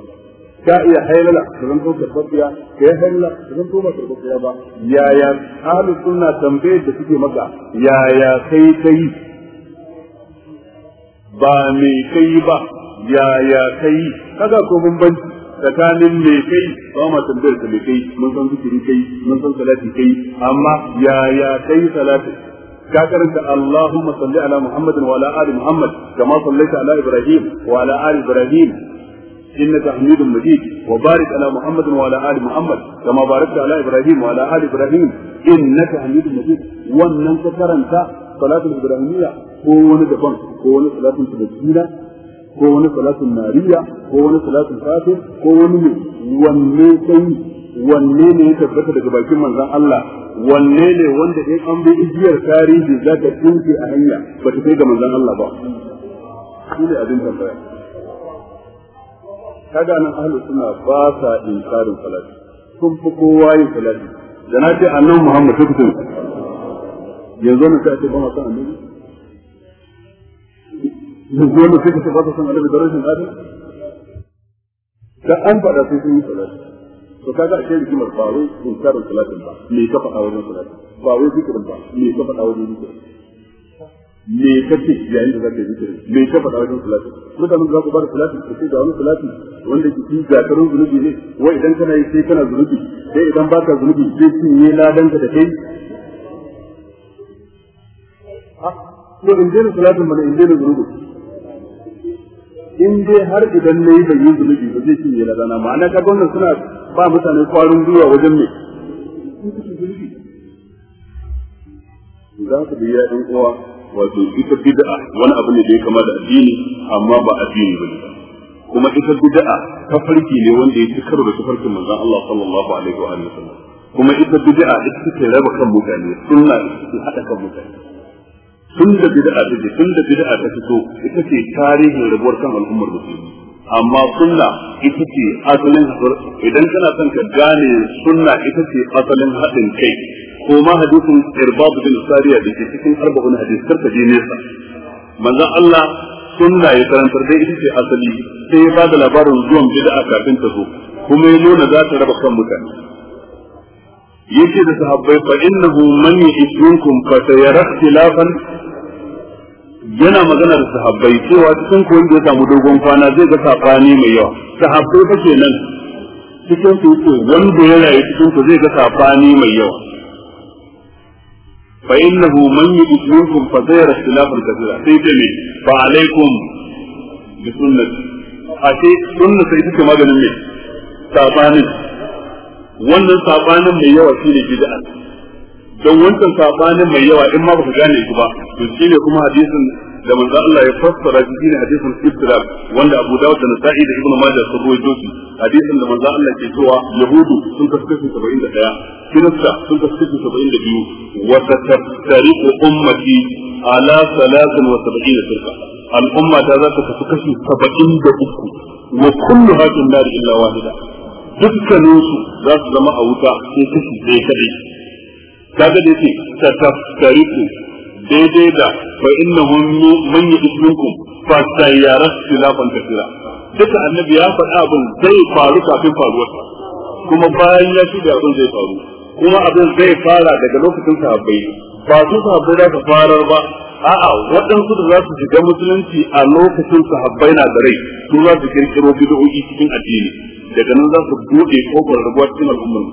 ka iya hailala ka zanto karɓaɓɓiya ka yi hailala ka zanto ba karɓaɓɓiya ba yaya ahalus sunna tambayar da suke maka yaya kai ta yi ba me kai ba yaya kai kaga ko bambanci tsakanin me kai ba ma tambayar ka me kai mun san zikiri kai mun san salati kai amma yaya kai salati ka karanta Allahumma salli ala Muhammadin wa ala ali Muhammad kama sallaita ala Ibrahim wa ala ali Ibrahim إنك حميد مجيد وبارك على محمد وعلى آل محمد كما باركت على إبراهيم وعلى آل إبراهيم إنك حميد مجيد ومن تكرمت صلاة الإبراهيمية هو ندفن هو صلاة تبجيلة هو صلاة نارية هو صلاة فاتر هو نمي ومن تنسي wanne ne ya tabbata daga bakin manzon Allah wanne ne wanda in an bi igiyar tarihi za ta tsinke a hanya ba ta kai ga manzon Allah ba shi ne abin tambaya kaga nan ahlus sunna ba sa inkarin salati sun fi kowa yin salati da na ce annabi Muhammad sai kuce yanzu ne sai ce ba masa annabi yanzu ne sai kuce ba sa san annabi da rashin da an faɗa sai sun yi salati to kaga ashe rigimar ba wai inkarin salatin ba me ka faɗa wajen salati ba wai zikirin ba me ka faɗa wajen zikirin me ka ce yayin da zaka yi zikiri me ka faɗa wajen salati mutanen za ku ba da salati ka ce ga wani salati wanda ke ci gatarin zunubi ne wa idan kana yi sai kana zunubi sai idan baka zunubi sai cinye ladan ka da kai to in daina salatin mana in daina zunubi in dai har idan na yi ban yi zunubi ba zai cinye ladana ma'ana ka gwamnan suna ba mutane kwarin gwiwa wajen me za ku biya ɗan uwa wato ita bid'a wani abu ne da ya kama da addini amma ba addini bane kuma ita bid'a tafarki ne wanda ya ci karo da tafarkin manzon Allah sallallahu alaihi wa alihi wasallam kuma ita bid'a ita take raba kan mutane sunna ita take hada kan mutane tun da bid'a take tun da bid'a ta fito ita ce tarihin rabuwar kan al'ummar musulmi amma sunna ita ce asalin idan kana son ka gane sunna ita ce asalin haɗin kai ko ma hadisin irbab bin sariya da ke cikin arba'un hadis karka je nesa manzon Allah sunna ya karantar dai ita ce asali sai ya bada labarin zuwan bid'a kafin ta zo kuma ya nuna za ta raba kan mutane yake da sahabbai fa innahu man yu'minkum fa sayara ikhtilafan yana magana da sahabbai cewa cikin ko wanda ya samu dogon kwana zai ga sabani mai yawa sahabbai fa nan cikin su wanda ya rayu cikin ku zai ga sabani mai yawa fa innahu man yu'min minkum fa sayara ikhtilafan kathira sai ce me fa alaikum bi sunnati a ce sunna sai take maganin me sabanin wannan sabanin mai yawa shine bid'a don wancan sabanin mai yawa in ma baka gane ba to shine kuma hadisin da manzo Allah ya fassara shi shine hadisin istidrak wanda Abu Dawud da Nasa'i da Ibn Majah sun rawaito shi hadisin da manzo Allah ke cewa yahudu sun kaskace 71 kirista sun kaskace 72 wa tattariqu ummati ala 73 firqa al'umma ta za ta kasu kashi 73 wa kullu hadin nar illa wahida dukkanin su za su zama a wuta sai kashi ɗaya kadai kaga da yake tattariqu daidai da fa innahu man yudrik minkum fa sayyara khilafan kathira duka annabi ya faɗi abin zai faru kafin faruwar kuma bayan ya shi da abin zai faru kuma abin zai fara daga lokacin sahabbai ba su sahabbai za su farar ba a'a waɗansu da za su shiga musulunci a lokacin sahabbai na da rai su za su kirkiro bid'o'i cikin addini daga nan za su buɗe kofar rabuwa cikin al'ummar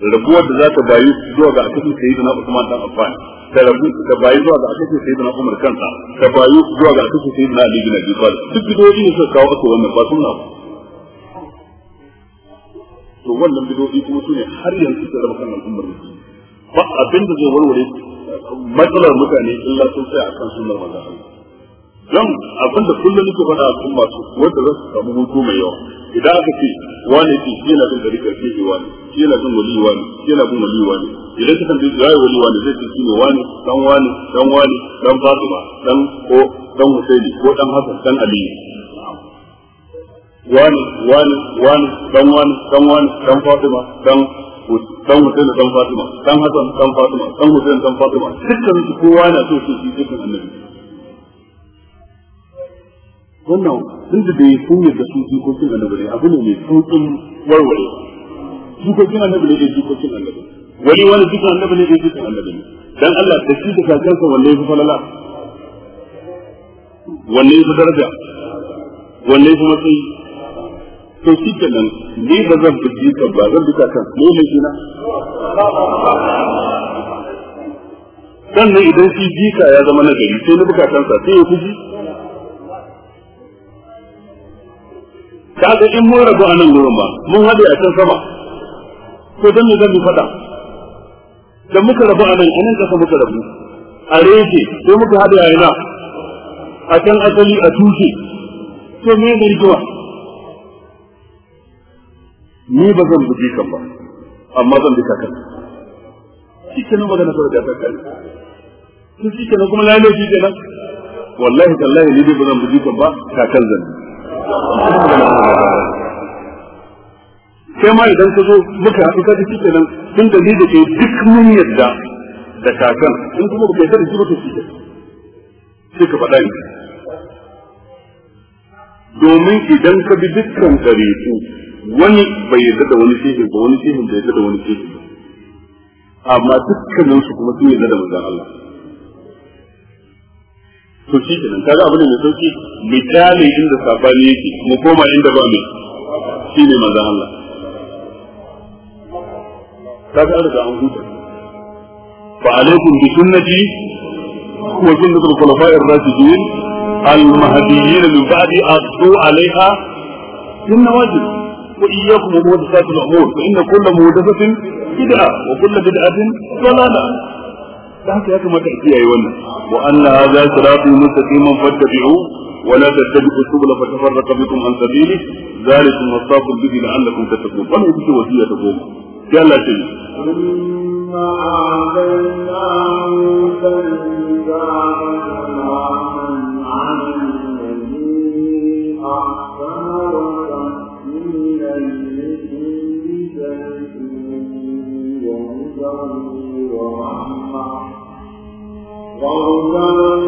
rabuwar da za ta bayu zuwa ga akwai sai da na Usman dan Affan ta rabu ta bayu zuwa ga akwai sai da na Umar kansa ta bayu zuwa ga akwai akasin sayyidina Ali bin Abi Talib duk bidoyi ne suka kawo aka wannan ba sunna ba to wannan bidoyi kuma sune har yanzu suka zama kan al'ummar musulmi ba abin da zai warware matsalar mutane illa sun tsaya akan sunnar manzon Allah don abin da kullum nake faɗa a cikin wanda za su samu hutu mai yawa idan aka ce wani ce shi na bin tarika ke ce wani shi na bin wali wani shi na bin wali wani idan ka tambaye shi wali wani zai ce shi ne wani dan wani dan wani dan fatima dan ko dan husaini ko dan hasan dan aliyu wani wani wani dan wani dan wani dan fatima dan dan husaini dan fatima dan hasan dan fatima dan husaini dan fatima dukkan kowa na so shi shi dukkan annabi wannan tun da yi sun yadda su jikokin annabi ne abu ne mai sauƙin warware jikokin annabi ne da jikokin annabi wani wani jikin annabi ne da jikin annabi ne dan Allah da shi da kakansa wanne yafi falala wanne yafi daraja wanne yafi matsayi to shi kenan ni ba zan bi jikin ba zan bi kakan ne shi na sannan idan shi jika ya zama na gari sai na bukatansa sai ya fuji kaga in mun rabu a nan gurin ba mun haɗe a can sama to don mu zan mu faɗa da muka rabu a nan a nan ƙasa muka rabu a reke sai muka haɗe a yana a can asali a tushe to me ne rigima ni ba zan buji kan ba amma zan bi kakan shi kenan magana kawai da kakan to shi kenan kuma lalle shi kenan wallahi tallahi ni ba zan buji kan ba kakan zan bi sai ma idan ka zo muka haɗu ka ji kenan tun da ni da ke duk mun yadda da kakan in kuma ba kai ta da shi ba to sai ka faɗa ni domin idan ka bi dukkan ku wani bai yadda da wani shehin ba wani shehin bai yadda da wani shehin amma dukkaninsu kuma sun yadda da manzon Allah to shi kenan kaga abu ne mai sauki misali inda sabani yake mu koma inda ba mai shi ne manzon Allah kaga an riga an huta fa alaikum bi sunnati wa sunnati al-khulafa'i ar-rashidin al-mahdiyyin min ba'di aqtu 'alayha إن واجب وإياكم ومحدثات الأمور فإن كل محدثة بدعة وكل بدعة ضلالة da haka ya kamata a kiyaye wannan wa anna hadha siratun mustaqiman fattabi'u wa la tattabi'u subula fatafarraqu bikum an sabili dhalikum wasaqu bihi la'allakum tattaqun wa ita ce wasiya ta goma sai Allah ya ce inna عادينا موسى الكتاب فوزا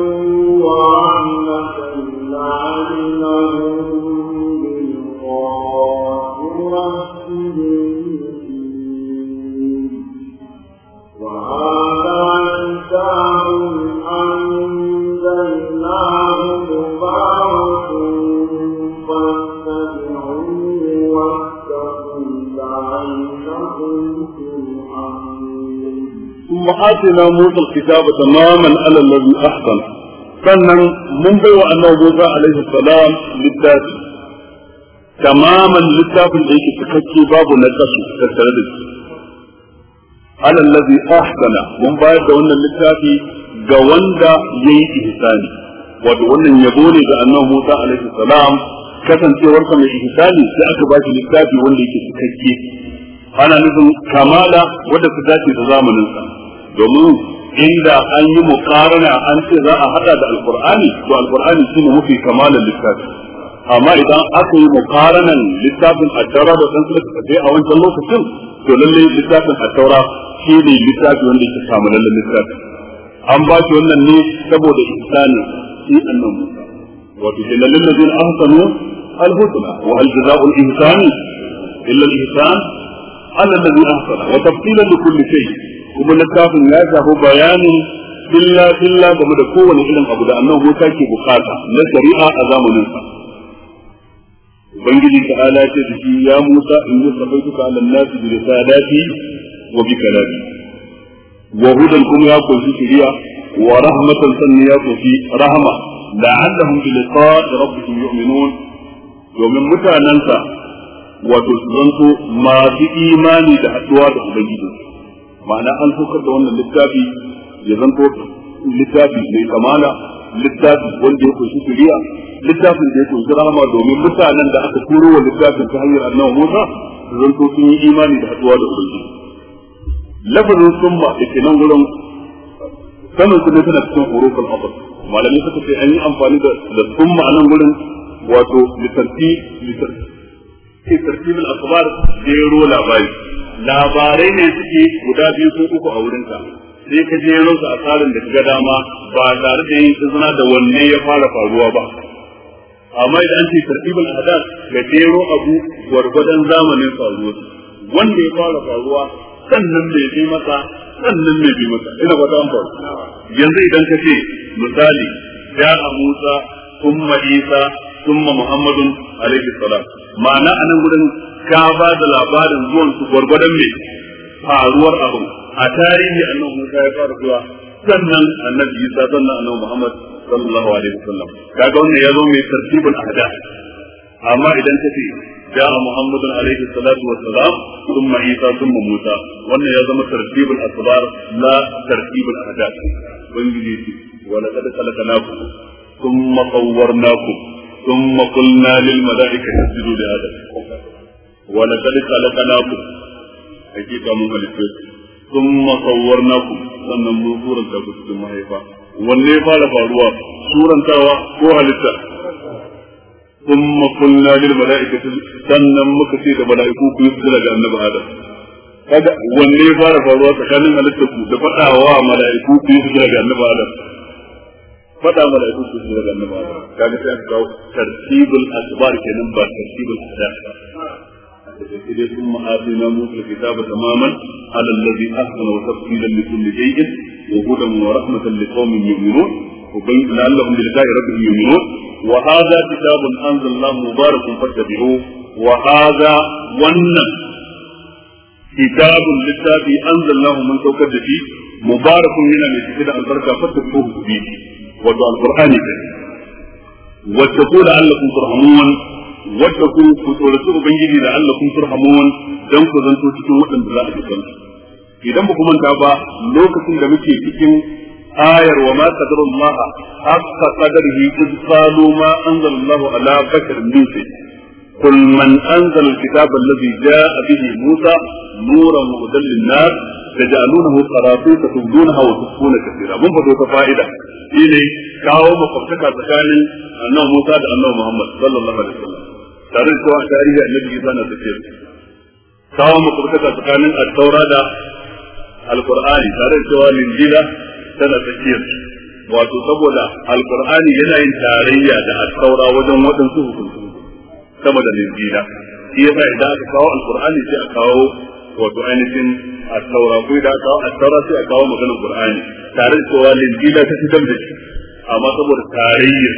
ورحمة لعلهم ثم آتنا موسى الكتاب تماما على الذي أحسن sannan mun baiwa wa annabi Musa alaihi salam littafi tamaman littafin da yake cikakke babu na kasu tattare da shi alal ladhi mun bayar da wannan littafi ga wanda yayi ihsani wato wannan yabo ne da annabi Musa alaihi salam kasancewar sa mai ihsani sai aka ba littafi wanda yake cikakke ana nufin kamala wadda ta dace zamanin domin inda an yi mukarana an ce za a hada da alqur'ani to alqur'ani shine mafi kamalan littafi amma idan aka yi mukaranan littafin addara da san suka sai a wancan lokacin to lalle littafin addara shi ne littafi wanda yake samu lalle littafi an ba shi wannan ne saboda insani shi annan Musa wato ke lalle ladin ahsanu al-husna wa aljaza'u alinsani illa al alladhi ahsana wa tafsilan likulli shay'in kuma littafin ya shafi bayanin illa illa game da kowane irin abu da annabi Musa ke bukata na shari'a a zamanin sa ubangiji ta ala ce da shi ya Musa in yi sabaituka ala nasi bi risalati wa bi kalami wa hudan kuma ya kunshi shari'a wa rahmatan sannan ya kunshi rahama la'allahum bi liqa'i rabbihim yu'minun domin mutanansa wato su zanto masu imani da haɗuwa da ubangiji ma'ana an saukar da wannan littafi ya zanto littafi mai kamala littafi wanda ya kunshi shari'a littafin da ya kunshi rahama domin mutanen da aka turo wa littafin ta hanyar annabi Musa su zanto sun yi imani da haduwa da ubangiji lafazin summa da ita nan gurin sanin su ne tana cikin hurufin asal malamai suka ce an yi amfani da summa a nan gurin wato litarti litarti ke tartibul akbar ro labari labarai ne suke guda biyu ko uku a wurin ka. sai ka je ro su a tsarin da kaga dama ba tare da yin izina da wanne ya fara faruwa ba amma idan an ce tartibul hadas ga jero abu gwargwadon zamanin faruwa wanda ya fara faruwa sannan mai bi masa sannan mai bi masa ina ba an faru yanzu idan ka ce misali ja'a Musa kuma Isa summa muhammadun alaihi salam ma'ana anan gudan ka ba da labarin zuwan su gwargwadon me faruwar abu a tarihi annabi Musa ya fara zuwa sannan annabi Isa sannan annabi Muhammad sallallahu alaihi wasallam kaga wannan ya zo mai tartibul amma idan جاء محمد عليه الصلاة والسلام ثم عيسى ثم موسى وأن يزم ترتيب الأسرار لا ترتيب الأحداث وإنجليزي ولقد خلقناكم ثم صورناكم ثم قلنا للملائكة اسجدوا لآدم ولقد خلقناكم حقيقة من ملكوت ثم صورناكم sannan mun suranta ku cikin mahaifa wanne fara faruwa surantawa ko halitta ثم قلنا للملائكة sannan muka ce da mala'iku ku yi sujada ga annabi Adam kada wanne fara faruwa tsakanin halitta ku da faɗa mala'iku su jira da annaba kaga sai kawo tartibul asbar kenan ba tartibul asar sai dai kuma atina musu kitaba tamaman ala allazi ahsana wa tafsilan li kulli shay'in wa hudan wa rahmatan li qaumin yu'minun وبين لعلهم بلقاء ربهم يؤمنون وهذا كتاب انزل الله مبارك فاتبعوه وهذا ون كتاب للتابي انزل الله من توكد فيه مبارك لنا لتكد البركه فاتبعوه به wato alqur'ani ke wata ku da Allah kun ku ku tsoraci ubangiji da Allah kun turhamun dan ku zanto cikin waɗanda za a idan ba ku manta ba lokacin da muke cikin ayar wa ma maha, haqqa qadarihi id qalu ma anzalallahu ala bashar min shay'in قل من أنزل الكتاب الذي جاء به موسى نورا مهدى للناس تجعلونه قراطيس تبدونها وتخفون mun من ta fa'ida. shi ne kawo makwabtaka tsakanin annabi Musa da annabi Muhammad sallallahu alaihi wasallam tare da cewa tarihi annabi Isa na tafiyar kawo makwabtaka tsakanin at-taura da al-Qur'ani tare da cewa linjila tana tafiyar wato saboda al-Qur'ani yana yin tarayya da at-taura wajen waɗansu hukunci sama da linjila shi yasa idan aka kawo al-Qur'ani sai a kawo wato ainihin a taura ko da aka a taura sai aka kawo maganar qur'ani tare da cewa linjila ta fitar da shi amma saboda tarayyar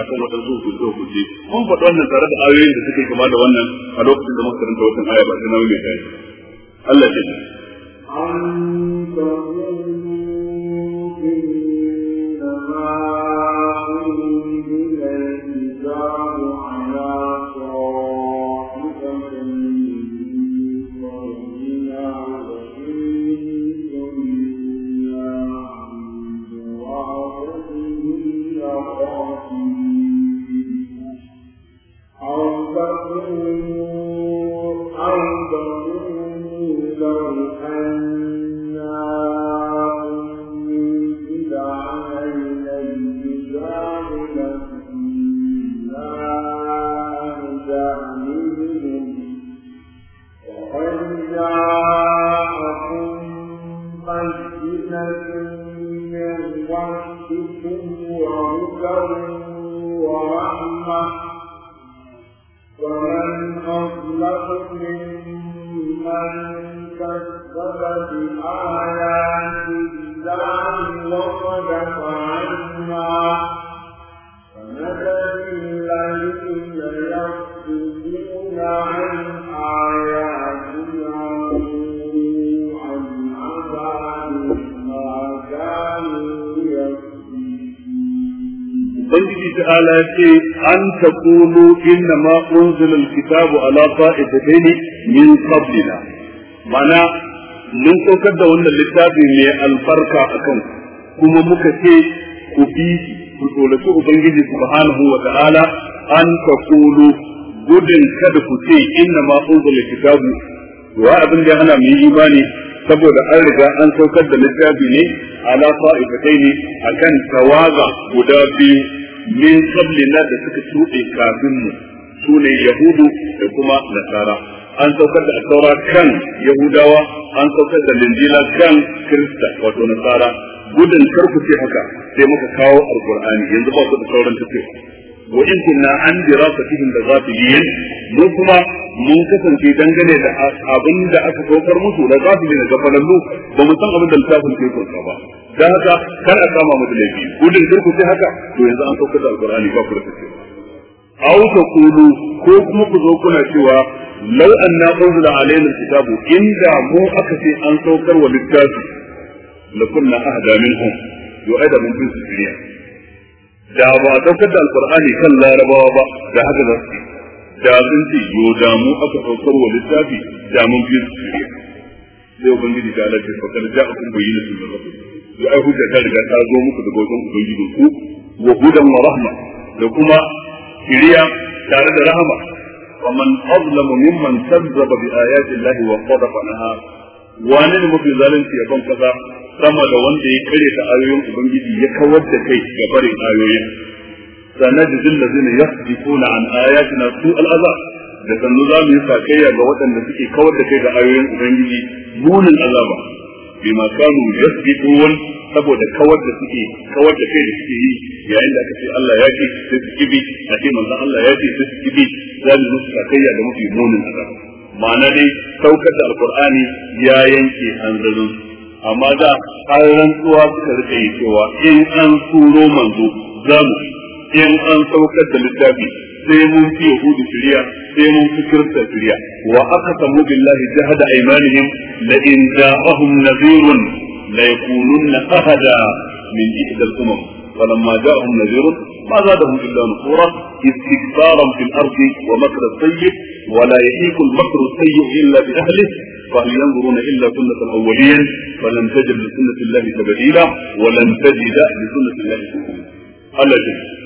akan wata zuwa ku zo ku je mun faɗi wannan tare da ayoyin da suke kama da wannan a lokacin da muka karanta wannan aya ba ta nauyi mai tashi Allah ya ji تقولوا إنما أنزل الكتاب على طائفتين من قبلنا معنى mun saukar da wannan littafi mai albarka a kan kuma muka ce ku bi ku tsoraci ubangiji subhanahu wa ta'ala an taqulu gudun kada ku ce inna ma unzila kitabu wa abin da ana mu yi imani saboda an riga an saukar da littafi ne ala fa'ifatai ne akan tawaga guda biyu min qablina da suka shuɗe kafin mu sune yahudu da kuma nasara an saukar da saura kan yahudawa an saukar da linjila kan kirista wato nasara gudun karku ce haka sai muka kawo alqur'ani yanzu ba su da sauran tafsir wa in kunna an dirasatihim da ghafilin mu kuma mun kasance dangane da abin da aka saukar musu da ghafilin da gafalallu ba mu san abin da littafin ke ba dan haka kar a kama mutum laifi gudun kirku sai haka to yanzu an saukar da alqur'ani ba ku da kace aw Kulu ko kuma ku zo kuna cewa law anna unzila alaina alkitabu inda mu aka ce an saukar wa littafi lakunna ahda minhum yu'ada min fi sirriya da ba saukar da alqur'ani kan larabawa ba da haka za su da sun ce yo da mu aka saukar wa littafi da mun fi sirriya sai ubangiji ta lafiya fa kada ja'akum bayyinatun min rabbikum ya ai hujja ta riga ta zo muku daga wajen ubangijin ku wa hudan wa rahma da kuma shiriya tare da rahama faman azlamu mimman kazzaba bi ayati llahi wa qadafa laha wani ne mafi zalunci a kan kasa sama da wanda ya kare ta ayoyin ubangiji ya kawar da kai ga barin ayoyin sanajidin da zai yasdifuna an na su al'azab da sannu za mu yi sakayya ga waɗanda suke kawar da kai ga ayoyin ubangiji munin azaba bima kanu yasbiqun saboda kawar da suke kawar da kai da suke yi yayin da aka ce Allah ya ce sai su kibi a ce manzon Allah ya ce sai su kibi za mu musu kakayya da mafi munin azaba ma'ana dai saukar da alqur'ani ya yanke hanzarin amma da an rantsuwa suka rika yi cewa in an turo manzo za mu in an saukar da littafi sai mun fi yahudu shirya sai mun fi kirista shirya wa aqsamu billahi jahada aymanihim la in ja'ahum nadhirun la yakununna ahada min ihda al-umam فلما جاءهم نذير ما زادهم الا نفورا استكبارا في الارض ومكر السيء ولا يحيك المكر السيء الا باهله فهل ينظرون الا سنه الاولين فلن تجد لسنه الله تبديلا ولن تجد لسنه الله سبيلا.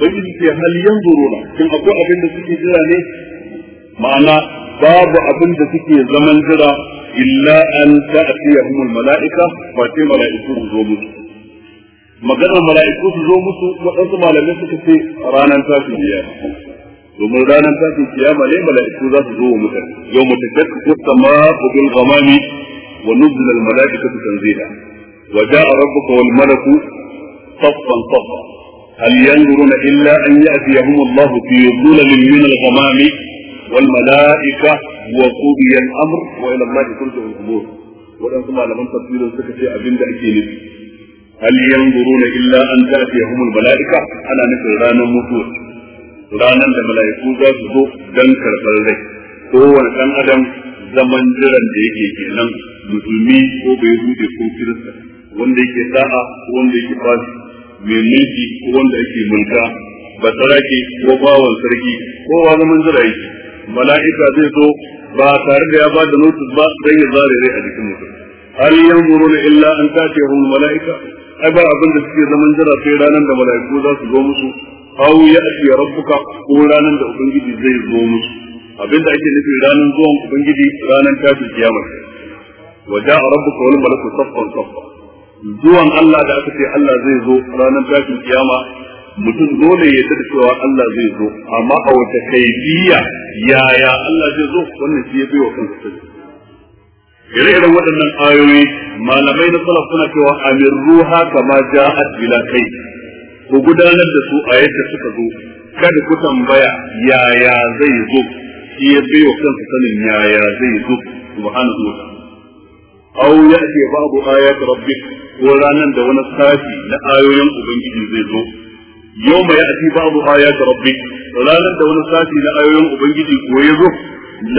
ubangiji ce hal yanzuruna kin akwai abin da suke jira ne ma'ana babu abin da suke zaman jira illa an ta'tiyahumul mala'ika fa ta mala'iku zo musu maganar mala'iku su zo musu waɗansu malamai suka ce ranar tashin kiyama domin ranar tashin kiyama ne mala'iku za su zo wa mutane yau mutakakku ko sama ko bil ghamami wa nuzul al mala'ikatu tanzila wa ja'a rabbuka wal malaku saffan saffan هل ينظرون إلا أن يأتيهم الله في ظلل من الغمام والملائكة وقضي الأمر وإلى الله ترجع الأمور وإن ثم لمن تطويل سكتي أبين دعكي هل ينظرون إلا أن تأتيهم الملائكة أنا مثل رانا مطور رانا الملائكة ذات ذو دنكر فلدي هو كان أدم zaman jiran da yake kenan musulmi ko bai rude ko kirista wanda yake da'a ko wanda yake fashi mai mulki ko wanda ake mulka ba sarki ko bawon sarki ko wa zaman zira yake mala'ika zai zo ba tare da ya ba da notice ba dan ya zare rai a jikin mutum hal yanzuruna illa an tatihum mala'ika ai ba abin da suke zaman jira sai ranar da mala'iku za su zo musu aw ya'ti rabbuka ko ranar da ubangiji zai zo musu abin da ake nufi ranar zuwan ubangiji ranar tashin kiyama wa ja'a rabbuka wal malaku saffan saffa zuwan Allah da aka ce Allah zai zo ranar tashin kiyama mutum dole ya tada cewa Allah zai zo amma a wata kaifiya yaya Allah zai zo wannan shi ya bai wa kansa sani ire-iren waɗannan ayoyi malamai na salaf suna cewa amir ruha kama ja'at bila kai ku gudanar da su a yadda suka zo kada ku tambaya yaya zai zo shi ya bai wa kansa sanin yaya zai zo subhanahu wa aw ya'ti ba'du ayati rabbik ko ranan da wani sashi na ayoyin ubangiji zai zo yawma ya'ti ba'du ayati rabbik ranan da wani sashi na ayoyin ubangiji ko ya zo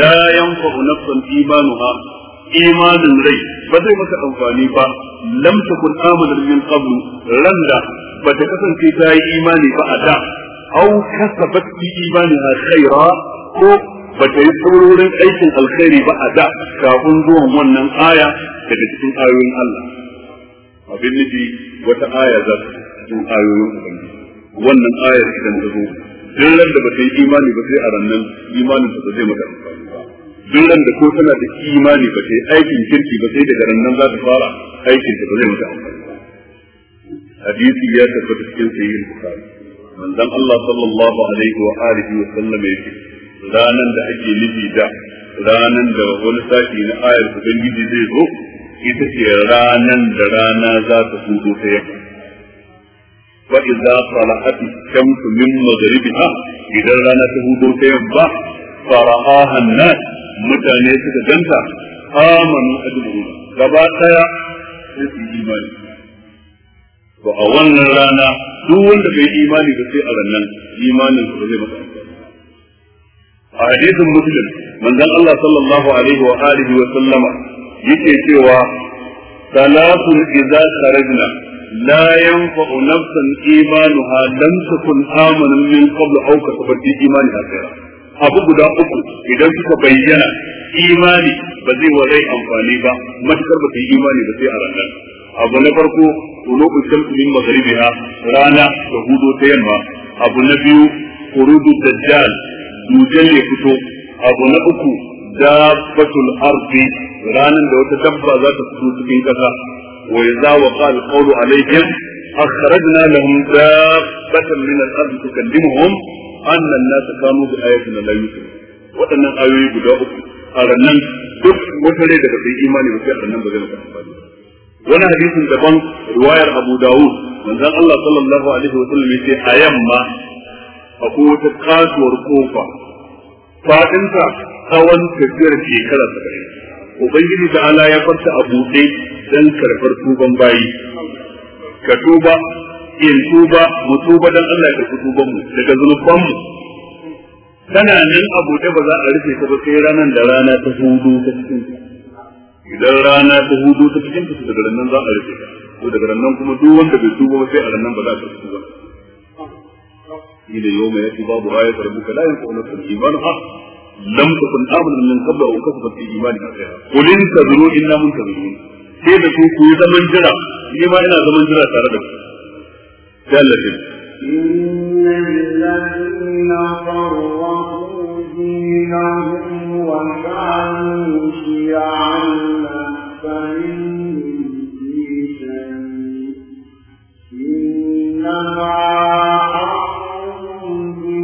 la yanfa'u nafsan imanuha imanin rai ba zai maka amfani ba lam takun amanar min qablu randa ba kasance ta yi imani ba a da au kasabat fi imaniha khaira ko ba ta yi saurorin aikin alkhairi ba a da kafin zuwan wannan aya daga cikin ayoyin Allah abin nufi wata aya za ta cikin ayoyin Ubangiji wannan ayar idan ta zo duk da ba ta yi imani ba sai a rannan imanin ta zai mata amfani ba duk da ko tana da imani ba ta yi aikin kirki ba sai daga rannan za ta fara aikin ta zai mata amfani ba hadisi ya tabbata cikin sahihin bukhari manzon Allah sallallahu alaihi wa alihi wa sallam yake ranan da ake nufi da ranan da wani sashi na ayar ubangiji zai zo ita ce ranan da rana za ta hudu ta yamma wa idza salahat ash-shamsu min maghribiha idan rana ta hudu ta yamma faraha an-nas mutane suka ganta amanu ajrun gaba daya sai su imani to a wannan rana duk wanda bai imani ba sai a rannan imanin ba zai masa a hadisin muslim manzon Allah sallallahu alaihi wa alihi wa sallama yake cewa salatu idza kharajna la yanfa'u nafsan imanuha lam takun amanan min qabl aw kasabat imanaha khayra abu guda uku idan suka bayyana imani ba zai wa amfani ba matakar ba yi imani ba sai a ranar abu na farko tulubu shamsu min rana da hudo ta yamma abu na biyu urudu dajjal dujan ya fito abu na uku dabbatul ardi ranar da wata dabba za ta fito cikin kasa wa idza waqa al-qawlu alaihim akhrajna lahum dabbatan min al-ardi tukallimuhum anna an-nas kanu bi ayatina la yu'minun waɗannan ayoyi guda uku a rannan duk wata rai da ba sai imani ba sai a rannan ba zai maka amfani wani hadisin daban riwayar Abu Dawud manzon Allah sallallahu alaihi wa sallam yace a yamma akwai wata kasuwar kofa fadinta tsawon tafiyar shekara saba'in ubangiji da ala ya farta a buɗe don karɓar tuban bayi ka tuba in tuba mu tuba don Allah ya karɓi tuban mu daga zunuban mu tana nan a buɗe ba za a rufe ta ba sai ranar da rana ta hudu ta cikin idan rana ta hudu ta cikin ta daga nan za a rufe ta ko daga nan kuma duk wanda bai tuba ba sai a nan ba za a karɓi tuban Sidi yauma ya ce babu waye farguka da'in kwanaki jima'i na haɗa, lamta, kun damunan nan sabbin haukafa, baki jima'i da kai na haka. Koleni sadarwar jin na mun Sai da su ku zaman jira, ina ma yana zaman jira tare da tallafin.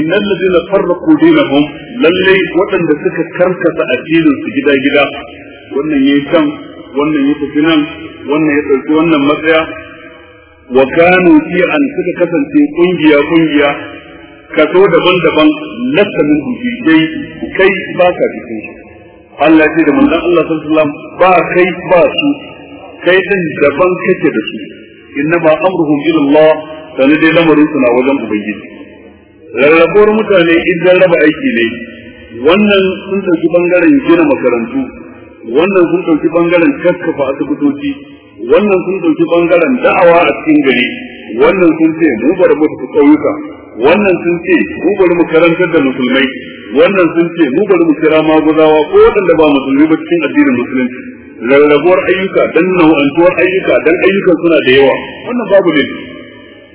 innal ladina farraqu dinahum lalle waɗanda suka karkasa addinin su gida gida wannan yayi can wannan ya tafi nan wannan ya ɗauki wannan matsaya wa kanu fi an suka kasance kungiya kungiya kaso daban-daban lasta min dai kai ba ka cikin su Allah ce da manzon Allah sallallahu alaihi ba kai ba su kai din daban kake da su innama amruhum ila Allah sanin dai lamarin suna wajen ubangiji rarrabuwar mutane idan raba aiki ne wannan sun ɗauki bangaren gina makarantu wannan sun ɗauki bangaren kakkafa asibitoci wannan sun ɗauki bangaren da'awa a cikin gari wannan sun ce mu bari mu tafi ƙauyuka wannan sun ce mu bari mu karantar da musulmai wannan sun ce mu bari mu kira maguzawa ko waɗanda ba musulmi ba cikin addinin musulunci rarrabuwar ayyuka dan nau'antuwar ayyuka dan ayyukan suna da yawa wannan babu ne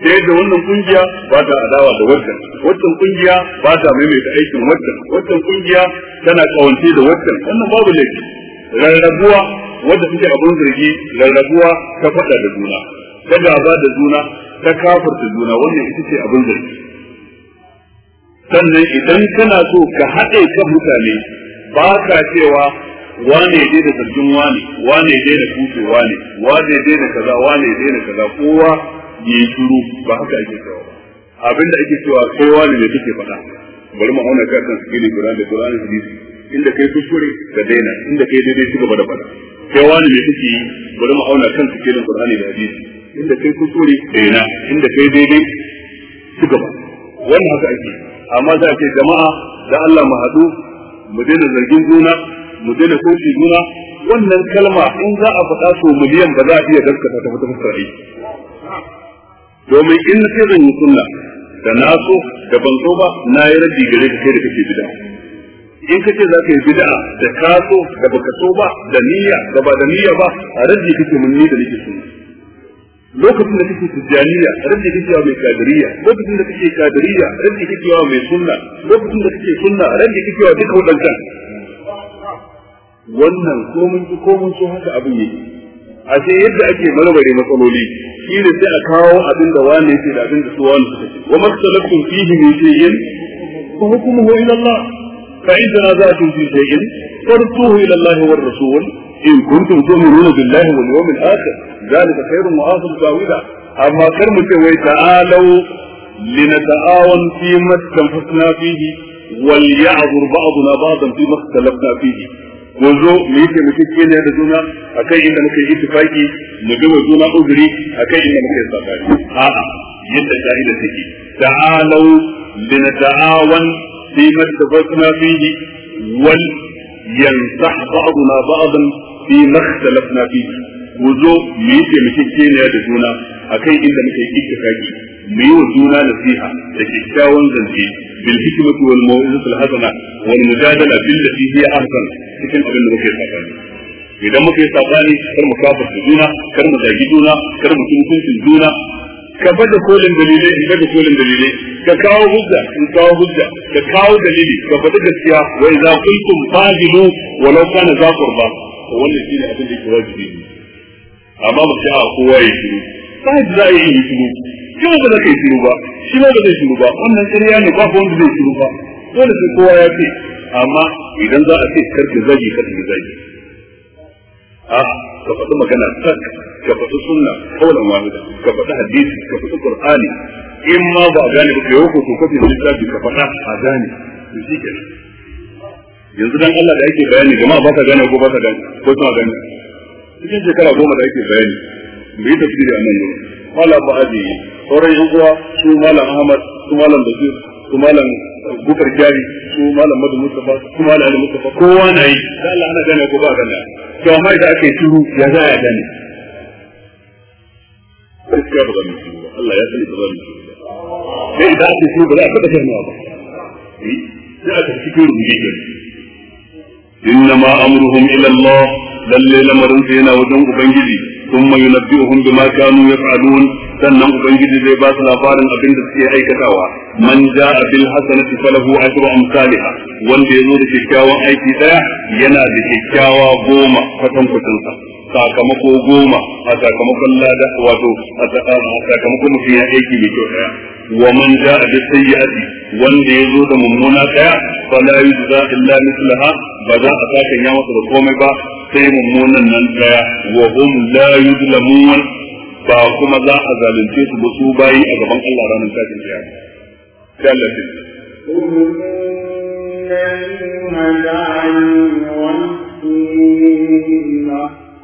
da yadda wannan kungiya ba ta adawa da wannan wannan kungiya ba ta maimaita aikin wannan wannan kungiya tana kawance da wannan wannan babu laifi rarrabuwa wanda suke abun zargi rarrabuwa ta faɗa da juna ta gaba da juna ta kafirta juna wannan ita ce abun zargi sannan idan kana so ka haɗe kan mutane ba ka cewa wane dai da zargin wane wane dai da kuce wane wane dai da kaza wane dai da kaza kowa yi shiru ba haka ake cewa ba da ake cewa kowa ne mai kake faɗa bari mu auna ka kan sikili Qur'an da Qur'an hadisi inda kai kuskure ka daina inda kai daidai ci gaba da faɗa kowa ne mai kake yi bari mu auna kan sikili Qur'an da hadisi inda kai kuskure daina inda kai daidai ci gaba wannan haka ake amma za a ce jama'a da Allah mu haɗu mu daina zargin juna mu daina kofi juna wannan kalma in za a faɗa so miliyan ba za a iya gaskata ta fata fuskar aiki domin in sai zan yi sunna da na so da ban so ba na yi rabi gare ka kai da kake bid'a in kace za ka yi bid'a da ka so da baka so ba da niyya da ba da niyya ba a rabi kake mun ni da nake sunna lokacin da kake tijjaniya rabbi kake yawa mai kadiriya lokacin da kake kadiriya rabbi kake yawa mai sunna lokacin da kake sunna rabbi kake yawa duka wadannan wannan ko mun ko mun so haka abin yake a ce yadda ake marmari matsaloli shi ne sai a kawo abin da wani yake da abin da su wani suka ce wa maktalaftun fihi min shay'in fa hukmuhu ila Allah fa in tanaza'tum fi shay'in farduhu ila Allah wa rasul in kuntum tu'minuna billahi wal yawmil akhir zalika khairun wa afdal tawila amma kar mu ce wai ta'alau linata'awan fi ma tanfasna fihi wal ya'zur ba'duna ba'dan fi ma ikhtalafna fihi mu zo mu yi taimakekeniya da juna a kan inda muka yi tufaki mu bi wa juna uzuri a kan inda muka yi sabari a'a yadda da take ta'alau linata'awan fi mattafaqna fihi wal yansah ba'duna ba'dan fi makhtalafna fihi mu zo mu yi taimakekeniya da juna a kan inda muka yi tufaki mu yi wa juna nasiha da kyakkyawan zance bil wal بالحكمة والموعظة الحسنة والمجادلة بالتي hiya ahsan cikin abin da muke sabani idan muke sabani kar mu kafarta juna kar mu zagi juna kar mu tuntuntun juna ka bada kolin dalilai in bada kolin dalilai ka kawo hujja in kawo hujja ka kawo dalili ka bada gaskiya wa idza kuntum fadilu walau kana za qurba to wannan ne abin da yake wajibi amma ba sai a kowa ya shiru sai da yi yi shiru shi ba yi shiru ba shi ba zai shiru ba wannan ƙarya ne ba wanda zai shiru ba dole sai kowa ya ce amma idan za a ce karki zagi karki zagi a ah, ka faɗi magana tak ka faɗi sunna kaulan wahida ka faɗi hadisi ka faɗi qur'ani in ma ba a gane ba ko yau ko kofin littafi ka faɗa a gane to shi ke yanzu dan Allah da yake bayani jama'a ba ka gane ko ba ka gane ko suna gane cikin shekara goma da yake bayani mai da tafsiri a nan ne mala ba'adi sauran yan uwa su malam Ahmad su malam Bashir su malam bukar jari su malam madu mustafa su malam ali mustafa kowa na yi da Allah ana gane ko ba gane to amma idan ake turu ya za a gane gaskiya ba ba Allah ya sani ba gane shiru ba sai idan aka yi ba za a ba eh, sai aka fi cikin rubuce ila Allah lalle lamarin sai yana wajen ubangiji ثم ينبئهم بما كانوا يفعلون sannan ubangiji zai ba su labarin abin da suke aikatawa man ja'a bil hasanati falahu ashru amsalha wanda ya zo da kyakkyawan aiki ɗaya yana da kyakkyawa goma kwatan kwatansa sakamako goma a sakamakon lada wato a sakamakon mutum ya aiki mai kyau daya wa man ja'a bi sayyi'ati wanda ya zo da mummuna daya fala yujza illa mislaha ba za a saka ya masa da komai ba sai mummunan nan daya wa hum la yuzlamun ba kuma za a zalunce su ba su bayi a gaban Allah ranar tashin kiyama sai Allah ya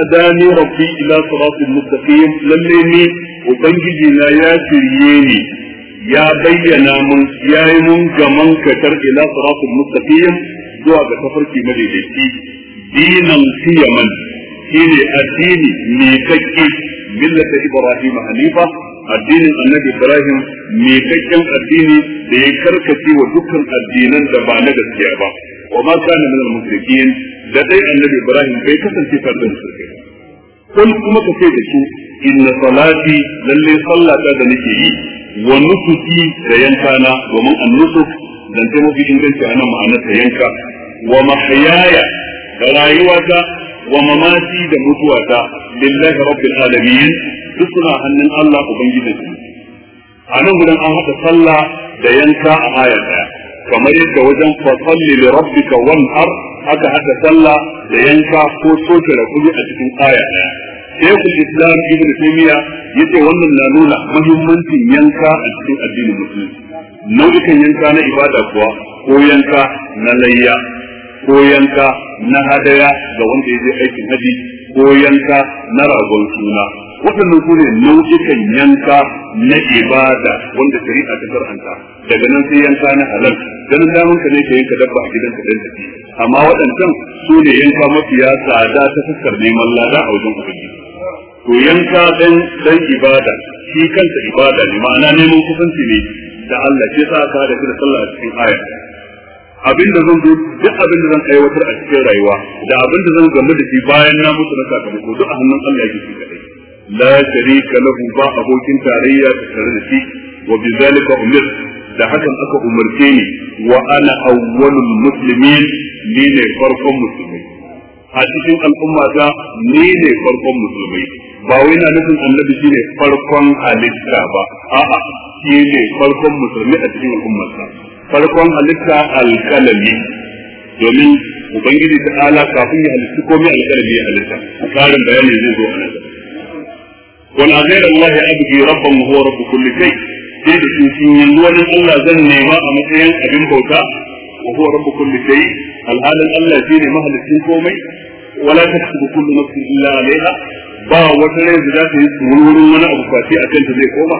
hadani rabbi ila siratil mustaqim lalle ni ubangiji na ya shirye ni ya bayyana mun ya yi mun gaman katar ila siratil mustaqim zuwa ga tafarki madaidaici dinan siyaman shine addini mai kakki millata ibrahim hanifa addinin annabi ibrahim mai kakken addini da ya karkace wa dukkan addinan da ba na gaskiya ba wa ma kana min al-mushrikin da dai annabi ibrahim bai kasance tare da kun kuma ka ce da su inna salati lalle sallata da nake yi wa nusuki da yanka na domin an nusuk dan ta mafi inganci a nan ma'anar ta yanka wa mahayaya da rayuwata wa mamati da mutuwata lillahi rabbil alamin duk suna hannun Allah ubangiji su a nan gudan an haɗa sallah da yanka a ayar daya kamar yadda wajen fasalli li rabbika wanhar aka haɗa sallah da yanka ko soke rakumi a cikin aya ɗaya shekul islam ibn taymiya yace wannan na nuna muhimmancin yanka a cikin addinin musulmi nau'ikan yanka na ibada kuwa ko yanka na layya ko yanka na hadaya ga wanda ya je aikin haji ko yanka na ragon suna waɗannan su ne nau'ikan yanka na ibada wanda shari'a ta karanta daga nan sai yanka na halal dan damun ka ne ka yanka dabba a gidanka dan tafi amma waɗannan su ne yanka mafiya tsada ta fuskar neman lada a wajen ubangi to yanka dan dan ibada shi kansa ibada ne ma'ana neman kusanci ne da Allah ke sa ka da kira sallah a cikin aya abinda zan zo duk abinda zan aiwatar a cikin rayuwa da abinda zan gamu da shi bayan na mutu na sakamako duk a hannun Allah yake shi kadai la sharika lahu ba abokin tarayya tare da shi wa bizalika umir da hakan aka umarce ni wa ana awwalul muslimin ni ne farkon musulmai a cikin al'umma ta ni ne farkon musulmai ba wai na nufin annabi shi ne farkon halitta ba a'a shi ne farkon musulmi a cikin ta. farkon halitta alkalami domin ubangiji ta ala kafin ya halitta komai alkalami ya halitta karin bayani zai zo a nan wal azira Allah abdi rabban huwa rabb kulli shay sai da su sun yanzu wani Allah zan nema a matsayin abin bauta wa huwa rabb kulli shay alhalin Allah shine mahalicin komai wala ta tasbu kullu nafsin illa alaiha ba wata rai da za ta yi tsoron wani abu kwace a kanta zai koma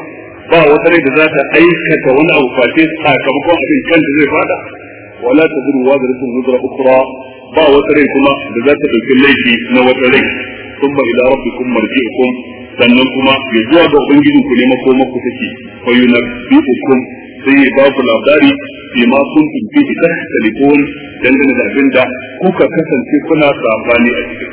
ba wata rai da za ta aikata wani abu kwace sakamakon abin kanta zai fada wala ta tazuru wa zaratu zura ukra ba wata rai kuma da za ta dauki laifi na wata rai thumma ila rabbikum marji'ukum sannan kuma ya zuwa ga ubangijin ku nema ko maku take fa yunabbiukum sai ya ba ku labari bi ma kun tunfi da telefon dangane da abin da kuka kasance kuna sabani a cikin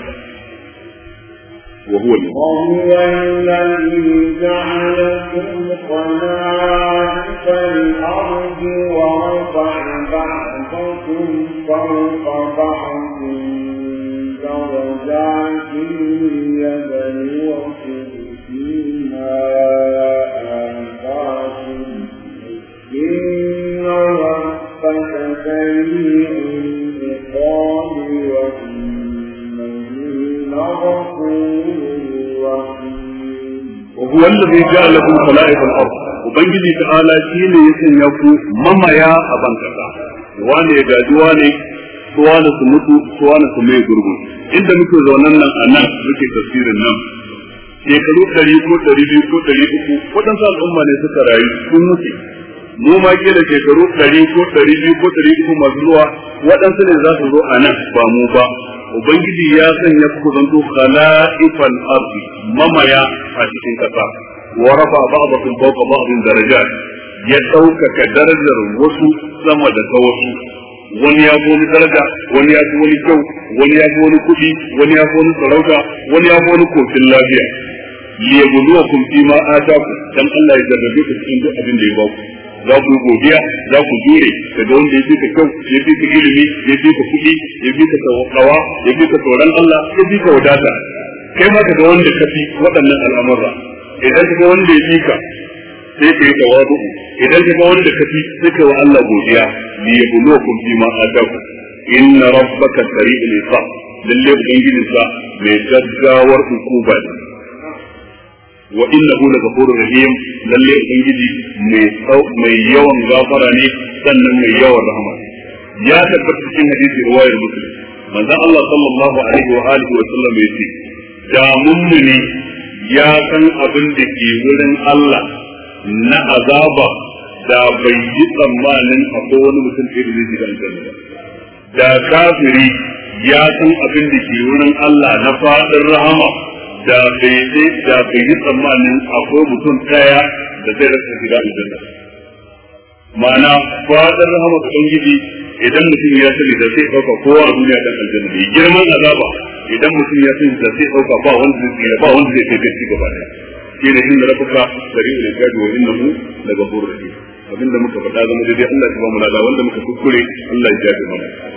وهو الذي جعلكم خلائف الأرض ورفع بعضكم فوق بعض درجات الذي جعل لكم خلائف الارض ubangiji ta'ala shi ne ya sanya ku mamaya a ban wane da gaji wane su mutu su su mai gurgu inda muke zaunan nan a muke tafsirin nan shekaru ɗari ko ɗari biyu ko ɗari uku waɗansu al'umma ne suka rayu sun mutu mu ma ke da shekaru ɗari ko ɗari biyu ko ɗari uku masu zuwa waɗansu ne za su zo a nan ba mu ba ubangiji ya sanya ku zanto khala'ifal ardi mamaya a cikin kasa wa rafa ba'dakum fawqa ba'din darajat ya ɗaukaka darajar wasu sama da ta wasu wani ya fi wani daraja wani ya fi wani kyau wani ya fi wani kuɗi wani ya fi wani sarauta wani ya fi wani kofin lafiya liyabluwakum fima ataku dan Allah ya jarrabe ku cikin duk abin da ya baku za ku yi godiya za ku jure daga wanda ya fi ka kyau ya fi ka ilimi ya fi ka kuɗi ya fi ka tsawa ya fi ka tsoron Allah ya fi ka wadata kai ma daga wanda ka fi waɗannan al'amura idan ka wanda ya fi ka sai ka yi tawadu idan ka wanda ka fi sai ka wa Allah godiya li yabluwakum fima ataku inna rabbaka sari'ul iqab lalle ubangijinsa mai gaggawar hukuma ne wa innahu lagafurur rahim lalle ubangiji mai yawan gafara ne sannan mai yawan rahama ya tabbata cikin hadisi riwayar muslim manzo Allah sallallahu alaihi wa alihi wa sallam yace da mummuni ya san abin da ke wurin Allah na azaba da bai yi tsammanin akwai wani mutum da zai shiga aljanna ba da kafiri ya san abin da ke wurin Allah na fadin rahama da bai da da bai yi tsammanin akwai mutum daya da zai rasa gida aljanna ma'ana fadar rahama ta ubangiji idan mutum ya sani da sai dauka kowa a duniya dan aljanna ne girman azaba idan mutum ya sani da dauka ba wanda zai tsira ba wanda zai gaba da shi ne inda rafuka sari da la ghafurur rahim abinda muka faɗa zama daidai Allah ya ba mu lada wanda muka kuskure Allah ya jabe mana